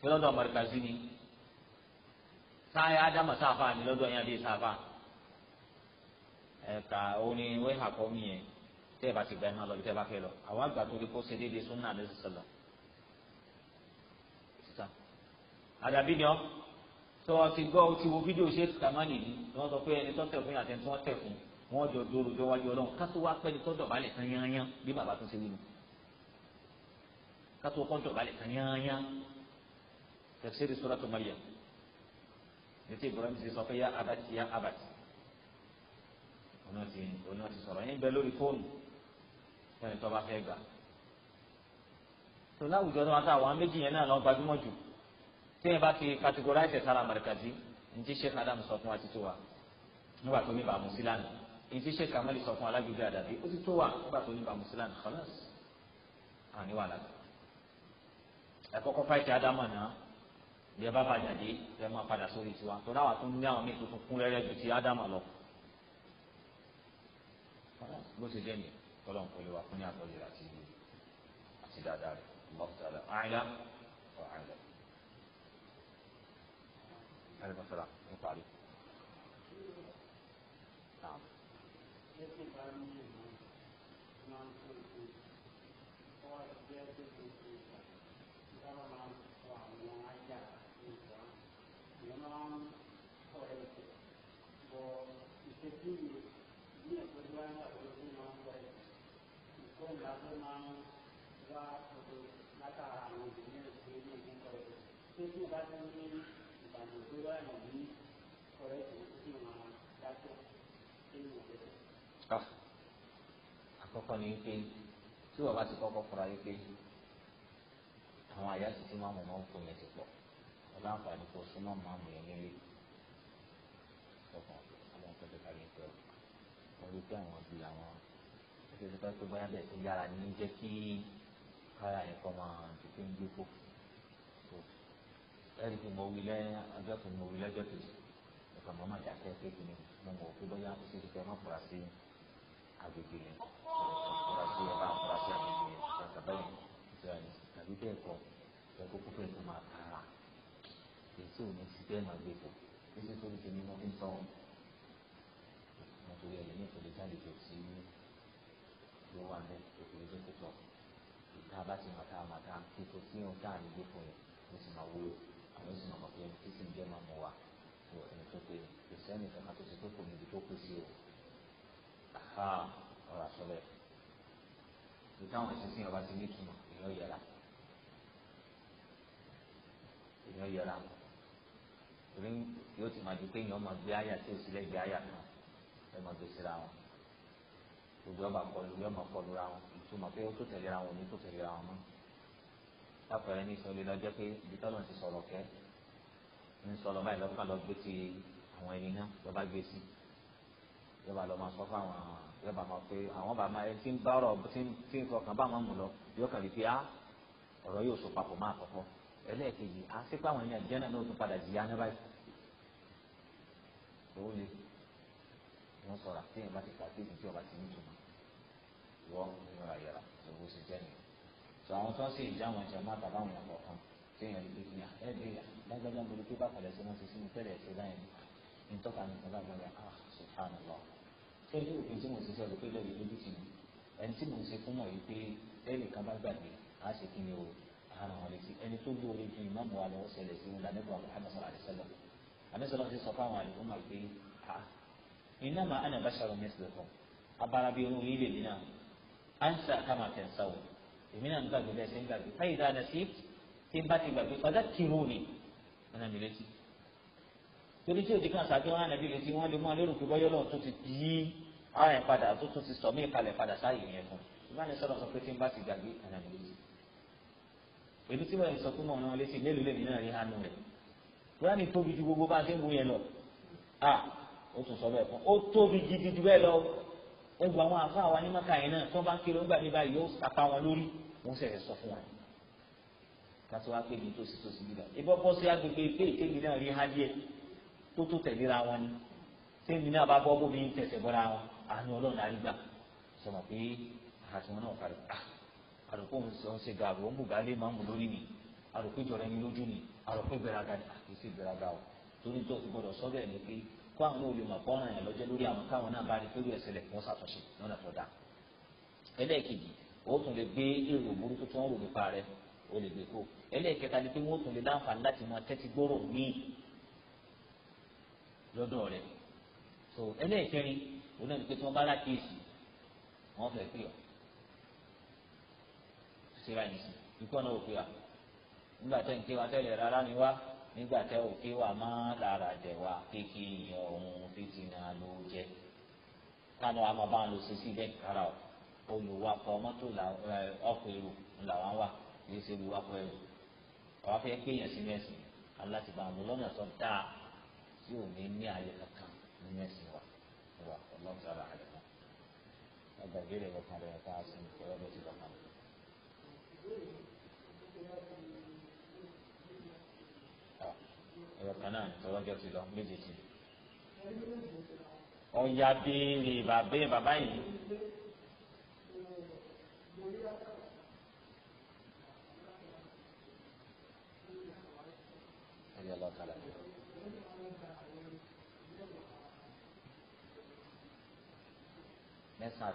pé lọ́dọ̀ mọ̀rẹ́ kàbí ni táyà ádámà sáfà ni lọ́dọ̀ yẹn adé sáfà ẹ̀ka òní wẹ́hà kọ́ mi yẹn tẹ́ ẹ bá ti gbà ẹ̀ máa lọ bí tẹ́ ẹ bá fẹ́ lọ àwọn àgbà tó lè tọ́wọ́ ti gbọ́ ó ti wo fídíò ṣe tàmánì ni wọ́n sọ pé ẹni tó tẹ̀ fún àtẹnudí wọ́n tẹ̀ fún wọ́n jọ dòrò jọ wájú ọlọ́run kátó wá pẹ́ni tó dọ̀bálẹ̀ tán yányán bí bàbá tó ṣe wí ni kátó kọ́ dọ̀bálẹ̀ tán yányán tafsiri suratu Maryam ètò Ibrahim ti sọ pé yá abati yá abati ọ̀nà ti ọ̀nà ti sọ̀rọ̀ yín bẹ lórí fóònù fẹ́ni tó bá fẹ́ gbà tó láwùjọ tó wá ká àwọn méjì yẹn náà lọ́ gbajúmọ̀ jù téèyàn bá ti categorize sára Markazi ntí Sheikh Adam sọ fún wa ti tó wa nígbà tó ní bàmú sílánì ntí Sheikh Kamali sọ fún alágbèbè àdàbí ó ti tó wa nígbà tó ní bàmú sílánì khalas àníwá làbẹ ẹ̀kọ́kọ́ fáìtì ádámà náà bí ẹ bá padà dé ẹ máa padà sórí tiwa tó náà wà tó ní àwọn míì tuntun kún rẹ́rẹ́ ju ti ádámà lọ. bó ti jẹ́ mi nǹkan lè wà fún ní àtọ́jú àti àti dáadáa rẹ̀ lọ́kùtà rẹ̀ هل مثلا من تعريف نعم Thank you. Ah. àkọ́kọ́ ni wípé tí wọ́n bá ti kọ́kọ́ fura wípé àwọn àyà sì ti máa mọ̀ mọ́ fún mi ti pọ̀ ọ̀dọ́ àǹfààní kò sí máa máa mọ̀ yẹn nílé ọkàn àwọn tó ti kàlẹ́ pẹ́ wọ́n rí pé àwọn bí àwọn ẹgbẹ́ tó bá tó báyà bẹ̀ tó yára ní jẹ́ kí káyà yẹn kọ́ máa tètè ń gbé fòfò ẹni tí mo wí lẹ́yìn ọjọ́ tí mo wí lẹ́jọ́ kejì ẹ̀ka mọ́ máa dàkẹ́ pé kí ni mo mọ̀ pé bóyá ó ṣe kíkẹ́ má fura sí agbègbè yẹn fura sí ẹ̀ bá fura sí agbègbè yẹn kàkà báyìí ìsirani tàbí bẹ́ẹ̀ kọ́ ẹ̀ kókó fẹ́ kó máa kára èso ní ti bẹ́ẹ̀ máa gbé fò èso tó ti ní wọ́n fi ń tọ́ wọn torí ẹlẹ́ni ìfọ̀lẹ́ jáde jù sí ló wà ní ìfọ̀lẹ́ jẹ́ tó tọ̀ ìta bá ti máa ta máa ta kí tó tí ń ká àdúgbò fún yẹn ó sì máa wúlò yóò sì mọ̀ pé ẹni tí sì ń jẹ́ màmú wa tó ẹni tó pé kò sẹ́ni kankan tó ti tó kò níbi tó pè sí o ha ọ̀rọ̀ àsọlẹ̀ ní táwọn ìṣinṣin ọba ti ní ìtumọ̀ èèyàn yẹra èèyàn yẹra torí yóò ti máa di pé èèyàn máa gbé àyà tí ò sílẹ̀ gbé àyà kan ẹ máa gbé síra wọn gbogbo ọba kọlu yóò máa kọlu ra wọn ìtumọ̀ pé ó tó lápẹ̀rẹ̀ ní ìsọ̀lẹ̀ lọ jẹ́ pé ibi tọ́lọ̀ ti sọ̀rọ̀ kẹ́ ń sọ̀rọ̀ báyìí lọ́kàn lọ gbé ti àwọn ẹni náà lọ́ba gbé sí yọba lọ máa sọ fún àwọn yọba máa pé àwọn bàbá ẹ ti ń bá ọ̀rọ̀ tí ń fọkàn bá wọn mú lọ yóò kàn wípé á ah, ọ̀rọ̀ yóò so papọ̀ máa kọ̀kọ́ ẹlẹ́ẹ̀kejì á ah, sí pé àwọn ẹni àjẹ́ náà ló tún padà jìyà náà báyìí owó le wọ́n sọ̀rọ̀ àti ẹ̀yìn bá ti pàṣẹ ìdí tí sọ àwọn tó ń sì já wọn jẹ máa tàbá wọn kọ̀ọ̀kan tí èèyàn lè fi hàn ẹbí lágbájá mo rí pé bá pàdé sí wọn ti sínú tẹ́lẹ̀ ẹ̀sẹ̀ báyìí ní tọ́ka ní ìtàn lágbọ́n rẹ̀ ah sùhánù lọ. ṣé ilé òfin tí mo ti sọ lópé lórí lójú ti mi ẹni tí mo ṣe fún mọ̀ yìí pé tẹ́lẹ̀ kan bá gbàgbé á ṣe kí ni o àrùn wọn létí ẹni tó gbé orí ju ìmáàmù wa lọ́wọ́ ṣẹlẹ̀ sí ìlànà ìbọn Muhammad èmi náà ń gbàgbé bẹ́ẹ̀ ṣe ń gbàgbé fẹ́yìí dáadáa sí tí n bá ti gbàgbé padà tìrú ni ọ̀nà mi létí torí tí òdì kan wọn ànàbí létí wọn lè mú alẹ́ pé bọ́yọ́ tó ti di ara ẹ̀ padà tó tún ti sọ mí kalẹ̀ padà sáàyè yẹn fún ìbáni sọ̀rọ̀ sọ pé tí n bá ti gbàgbé ọ̀nà mi létí èmi tí wọ́n sọ fún mọ̀ náà létí mélòó lèmi náà rí hànú rẹ̀ wọ́n ní tóbi ju gbogbo bá a ti ń wú yẹn lọ à ó tún sọ wọ́n ṣẹ̀ṣẹ̀ sọ fún wa kátó wá pé mi tó sì tó sì bí lọ ìbọn bọ́ sí agbègbè pé ìkéde náà rí hádìẹ tó tó tẹ̀léra wọn ni sẹ́ni náà bá bọ́ bómi tẹ̀sẹ̀ bọ́ra wọn àánú ọlọ́run náà rí gbà sọmọ pé àtúnwọ́n náà parí à àròpọ̀ ń ṣe gàrú ó ń bùgá lé máa lórí mi àròpọ̀ ìjọra ẹni lójú mi àròpọ̀ ìgbéraga ni àti sí ìgbéraga o torí tó ti gbọdọ̀ sọ bẹ́ẹ̀ ni pé kó àwọn náà olùmọ̀ kọ́ràn yẹn lọ́jọ́ lórí àwọn káwọn náà bá rí pé wíwẹ̀ sílẹ̀ wọ́n ṣàtúnṣe lọ́nà tó dáa ẹlẹ́ẹ̀kejì o tún lè gbé èrò burúkú tí wọ́n rò nípa rẹ̀ o lè gbé kó ẹlẹ́ẹ̀kẹta ni pé wọ́n tún lè láǹfààní láti mọ tẹ́tí gbọ́rọ̀ míì lọ́dọ̀ rẹ̀ so ẹlẹ́ẹ̀kẹrin òun náà ni pé tí wọ́n bá lákèésì wọ́n fẹ́ pè ọ́ síra yìí sí ikú ọ̀nà òkè wa nígbà tẹ́ ń ké wa tẹ́lẹ̀ rárá ni wá nígbà tẹ́ òkè wa má lára jẹ̀ wá kéèké ìyẹn òun fìtínà ló jẹ́ kánú àmọ́ bá ń lo sísí bẹ́ẹ̀ kára ọ̀ olùwakọ̀ mọ́tò ọkọ̀ èrò làwọn wà kì í ṣe olùwakọ̀ èrò àwọn afẹ́ gbéyàn sí mẹ́sìn aláti bá àwọn lọ́nà tó dáa tí ò ní ní ààyè kankan ní mẹ́sìn wa wà ọlọ́run tó ara rẹ̀ náà ọgbà ìbéèrè kankan rẹ̀ ká sí ìfọwọ́ bó ti bá kan. ẹ̀rọ kan náà tọ́lọ́jọ́ ti lọ méjèèjì ọ̀ya béèrè bàbá yìí. رضي الله تعالى ما صعب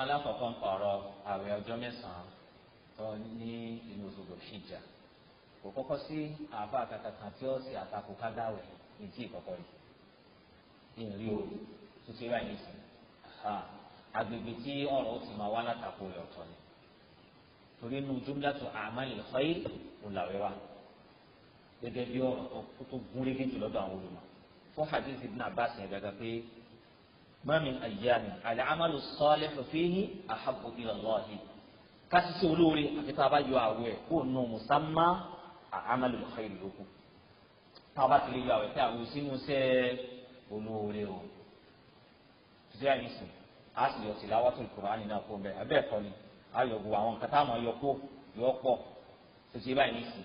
alákọ̀ọ́kọ́ ń pààrọ̀ ààwẹ̀ ọjọ́ mẹ́sàn-án tó ní inú oṣù lòṣìjà kò kọ́kọ́ sí àbá àtàkàkà tí ó sì àtakò kádáwẹ̀ ní tí ìkọ̀kọ́ yìí ìrìn o tuntun rà yìí sí agbègbè tí ọ̀rọ̀ ó ti máa wá látàkò rẹ̀ ọ̀tọ̀ ni torí inú jumlatu a'malil khayr òun làwẹ̀ wà gẹ́gẹ́ bí ọ̀rọ̀ tó tó gún régé jù lọ́dọ̀ àwọn olùmọ̀ fún hadith ibn abbas yẹn gàgà pé ma min ayyami al-amalu salihu fihi ahabbu ila Allah kásìsì olóore àti tá a bá yọ àwẹ̀ kó nù musamman al-amalu khairu lóko tá a bá ti lè yọ àwẹ̀ tí àwọn òsínú sẹ́ olóore o ṣe àyíṣe a sì yọ tilawatul Qur'ani náà kó bẹ́ẹ̀ abẹ́ẹ̀kọ́ ni a gbogbo àwọn nǹkan táwọn yọ kó yọ pọ̀ ṣe báyìí nìṣẹ́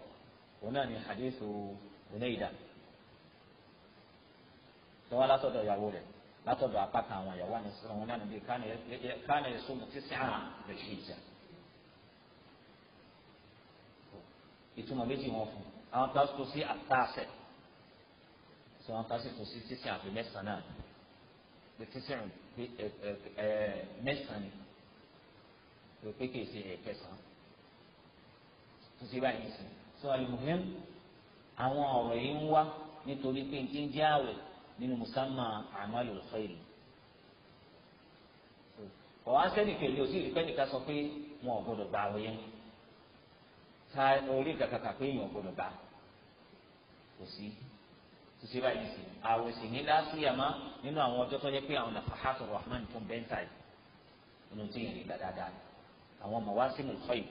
òun náà ni hadithu Burayda tó wá látọ̀dọ̀ ìyàwó rẹ̀ látọ̀dọ̀ apáta àwọn ìyàwó àni òun náà níbi kánà èso mu títí hàn lè fi ìjà ìtumọ̀ méjì wọn fún àwọn kan tó sí àtàṣẹ tí wọn kan sì tó sí títí àfi mẹ́sàn-án náà pé títí mẹ́sàn-án ni pé kìí ṣe ẹ̀kẹsàn-án tó sí báyìí sí i sọ àlùmọ́hìn àwọn ọ̀rọ̀ yìí ń wá nítorí pé nǹkan jẹ́ àwẹ̀ nínú musamman àmàlù lọ́fẹ̀ẹ́lì ọ̀hán sẹ́nìkèlè òsì ìfẹ́nìkan sọ pé wọn ò gbọdọ̀ gba àwẹ̀ yẹn ta orí kàkàkà pé èèyàn ò gbọdọ̀ gbà kò sí sísè báyìí sí àwẹ̀ sì ní lásìyàmá nínú àwọn ọjọ́ tó yẹ pé àwọn nàfàhàtò rahman tó bẹ́ńtà yìí nínú tí yẹn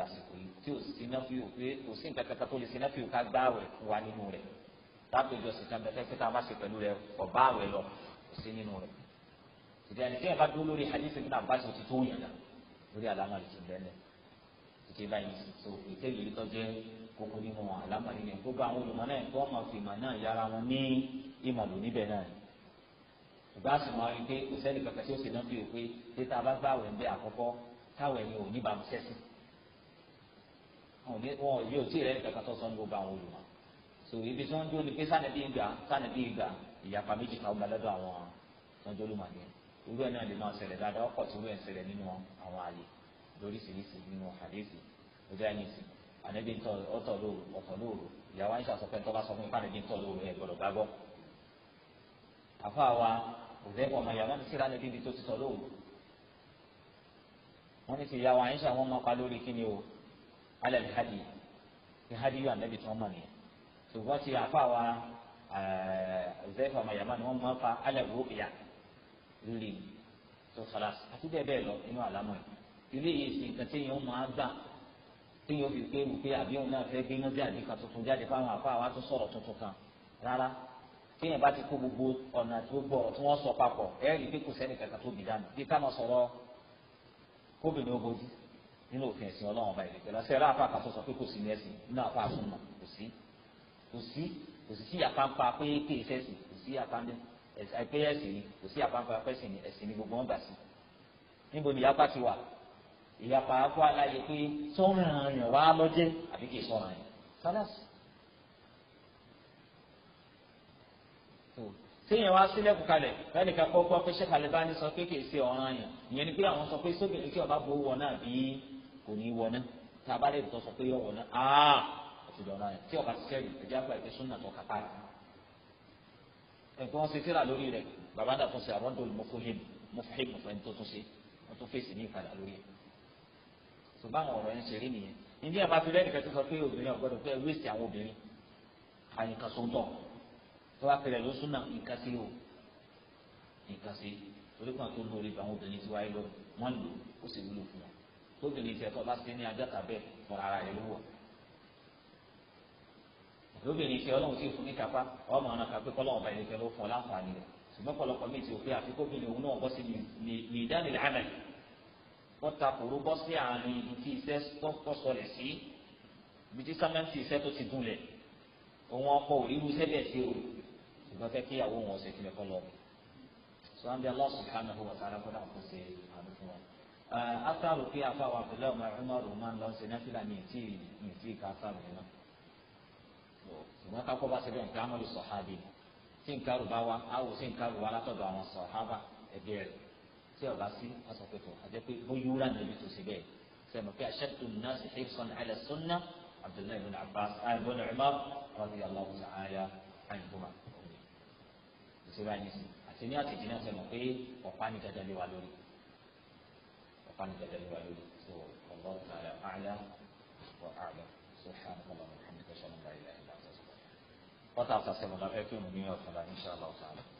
lásìkò yìí tí ò sí náfíù pé kò sí nǹkan kankan tó lè ṣe náfíù ká gbá àwẹ̀ fún wa nínú rẹ̀ lápèjọ sìkà bẹ́ẹ̀ fẹ́ ká má ṣe pẹ̀lú rẹ̀ ọ̀bá àwẹ̀ lọ kò sí nínú rẹ̀ ìdíyàní tí yẹn bá dúró lórí hadith ní àbáṣe ti tó yàn náà lórí àlámà lè ti bẹ́ẹ̀ títí báyìí tó ètè yìí tó jẹ́ kókó nínú àlámà yẹn gbogbo àwọn olùmọ̀ náà kó ọmọ fìmọ̀ náà yára wọn ní ìmọ̀lù níbẹ̀ náà ìgbà sì máa rí pé kò kankan tí ó sì náà fi hàn pé títà bá gbàwẹ̀ ń bẹ àkọ́kọ́ táwẹ̀ ni ò ní bàmú sẹ́sìn wọn ò yí òtí rẹ nìkan kan tó sọ ní gbogbo àwọn olùmọ̀ so ibi tí wọn dúró ni pé sànẹbí ìgbà sànẹbí ìgbà ìyapa méjì kan gba lọ́dọ̀ àwọn tó ń jólúmọ ní irú ẹ náà lè máa ṣẹlẹ̀ dáadáa ọkọ tí irú ẹ ń ṣẹlẹ̀ nínú àwọn ààyè lóríṣiríṣi nínú àdéhìí ojú ẹ̀yìn sí ànẹbí ń tọ ọtọ lóru ọtọ lóru ìyàwó àyíṣà sọ pé tọ́ bá sọ fún ìpàdé ń tọ lóru ẹ gbọ́dọ̀ gbàgbọ́ àfa wa òdẹ́gbọ̀n ọmọ ìyàwó ní síra níbi alẹ́ hadi ní hadi yóò ànábì tí wọ́n mọ̀ nìyẹn ṣùgbọ́n ti àfa wa eh, zẹ́fà mayama ni wọ́n máa fa alẹ́ rúbìyà lórí tó khalas àti bẹ́ẹ̀ bẹ́ẹ̀ lọ nínú àlámọ̀ yìí ilé yìí sì nǹkan tí yẹn máa gbà tí yóò fi pé wù pé àbí òun náà fẹ́ gbé iná jáde kan tuntun jáde fáwọn àfa wa tó sọ̀rọ̀ tuntun kan rárá téèyàn bá ti kó gbogbo ọ̀nà tó gbọ́ tí wọ́n sọ papọ̀ ẹ̀rí pé kò sẹ́ni kankan tó bì dànù bí ká máa sọ̀rọ̀ kóbìnrin ogojú nínú òfin ẹ̀sìn ọlọ́run ọba ìlẹ̀kẹ́ lọ́sẹ̀ rà fà kásọ̀ sọ pé kò sí ní ẹ̀sìn nínú àfà àsùnmọ̀ kò sí kò sí kò sí sí àpampa pé pé ìfẹ́ sìn kò sí àpampa pé ẹ̀sìn ni kò sí àpampa pé ẹ̀sìn ni ẹ̀sìn ni gbogbo wọn gbà sí. níbo ni ìyapa ti wà ìyapa kó aláyẹ pé sọ́ràn àyàn wá lọ́jẹ́ àbí kì í sọ́ràn àyàn sálásì. téèyàn wá sílẹ̀kùn kalẹ̀ lẹ́nìkan kọ́kọ́ pé sẹ́kàlẹ́ bá ní sọ pé kì í ṣe ọ̀ràn àyàn ìyẹn ni pé àwọn sọ pé sóbìnrin tí ọba bò wọ náà bíi kò ní í wọná tá a bá lè tọ́ sọ pé yọ wọná aa àti dọ̀nà yẹn tí ọ̀ka ṣiṣẹ́ rí ẹ̀jẹ̀ àgbà ìgbé súnà tó kápá rẹ̀ ẹ̀gbọ́n wọn ṣe tíra lórí rẹ̀ bàbá dà tún ṣe àrọ́ndò mọ́fóhìm mọ́fóhìm fẹ́ni tó tún ṣe wọ́n tún fèsì ní ìpadà lórí ẹ̀ ṣùgbọ́n àwọn ọ̀rọ̀ yẹn ṣe rí nìyẹn ìdí àbá fi lẹ́nu kẹtù sọ pé obìnrin ọ̀gbọ́dọ̀ pé wíìsì àwọn obìnrin àyìnká sóńtọ̀ tó bá pẹ̀lẹ́ ló súnà nǹkan sí o nǹkan sí torí kan tó lórí àwọn obìnrin tí wáyé lọ wọ́n lò ó sì wúlò fún wọn tóbìnrin tiẹ̀ tó bá sí ní ajá tàbẹ́ fún ara rẹ̀ lówó lóbìnrin tiẹ̀ ọlọ́run sì fún ní kápá ọmọ ọ̀nà kápẹ́ kọ́lọ́run bá ilé kẹlẹ́ fún ọ láǹfààní rẹ̀ ṣùgbọ́n pọ̀lọpọ̀ mi ti ò pé àfikóbìnrin òun náà bọ́ sí ní ìdánilẹ̀ àmẹ́ wọ́n ta kòró bọ́ sí àárín ibi iṣẹ́ tọ́kọ̀sọlẹ̀ sí ibi tí sámẹ́ǹtì iṣẹ́ tó ti gúnlẹ̀ òun ọkọ òríru iṣẹ́ bẹ̀ sí o ṣùgbọ́n fẹ́ kí ìyàwó wọn ṣe tilẹ̀ kọ́ lọ. sọ Eh, asaru fi afa wa abdullahi umar umar umar lọ sí nafila ní etí ní etí ká asaru yẹn náà ṣùgbọ́n kakọ́ bá ṣe bẹ́ẹ̀ nǹkan amadu sọ̀hábì tí nǹkan rúbá wa awo sí nǹkan rúbá látọ̀dọ̀ àwọn sọ̀hábà ẹgbẹ́ rẹ̀ tí ọba sí asọ̀pẹ̀tọ̀ àti pé níbi tó ṣe bẹ́ẹ̀ sẹ́mi pé aṣẹ́tù náà sì hifsan ala sunna abdullahi ibn abbas ibn umar radiyallahu ta'ala anhuma ìṣèlú àyẹ̀sìn àti ní àtìjì náà sẹ́mi pé ọ̀pá ní dáadáa lé wa lórí. فقد الوالد سو الله تعالى أعلى وأعلى سبحانك اللهم وبحمدك أشهد أن لا إله إلا أنت أستغفرك وتعالى سبحانك الله إن شاء الله تعالى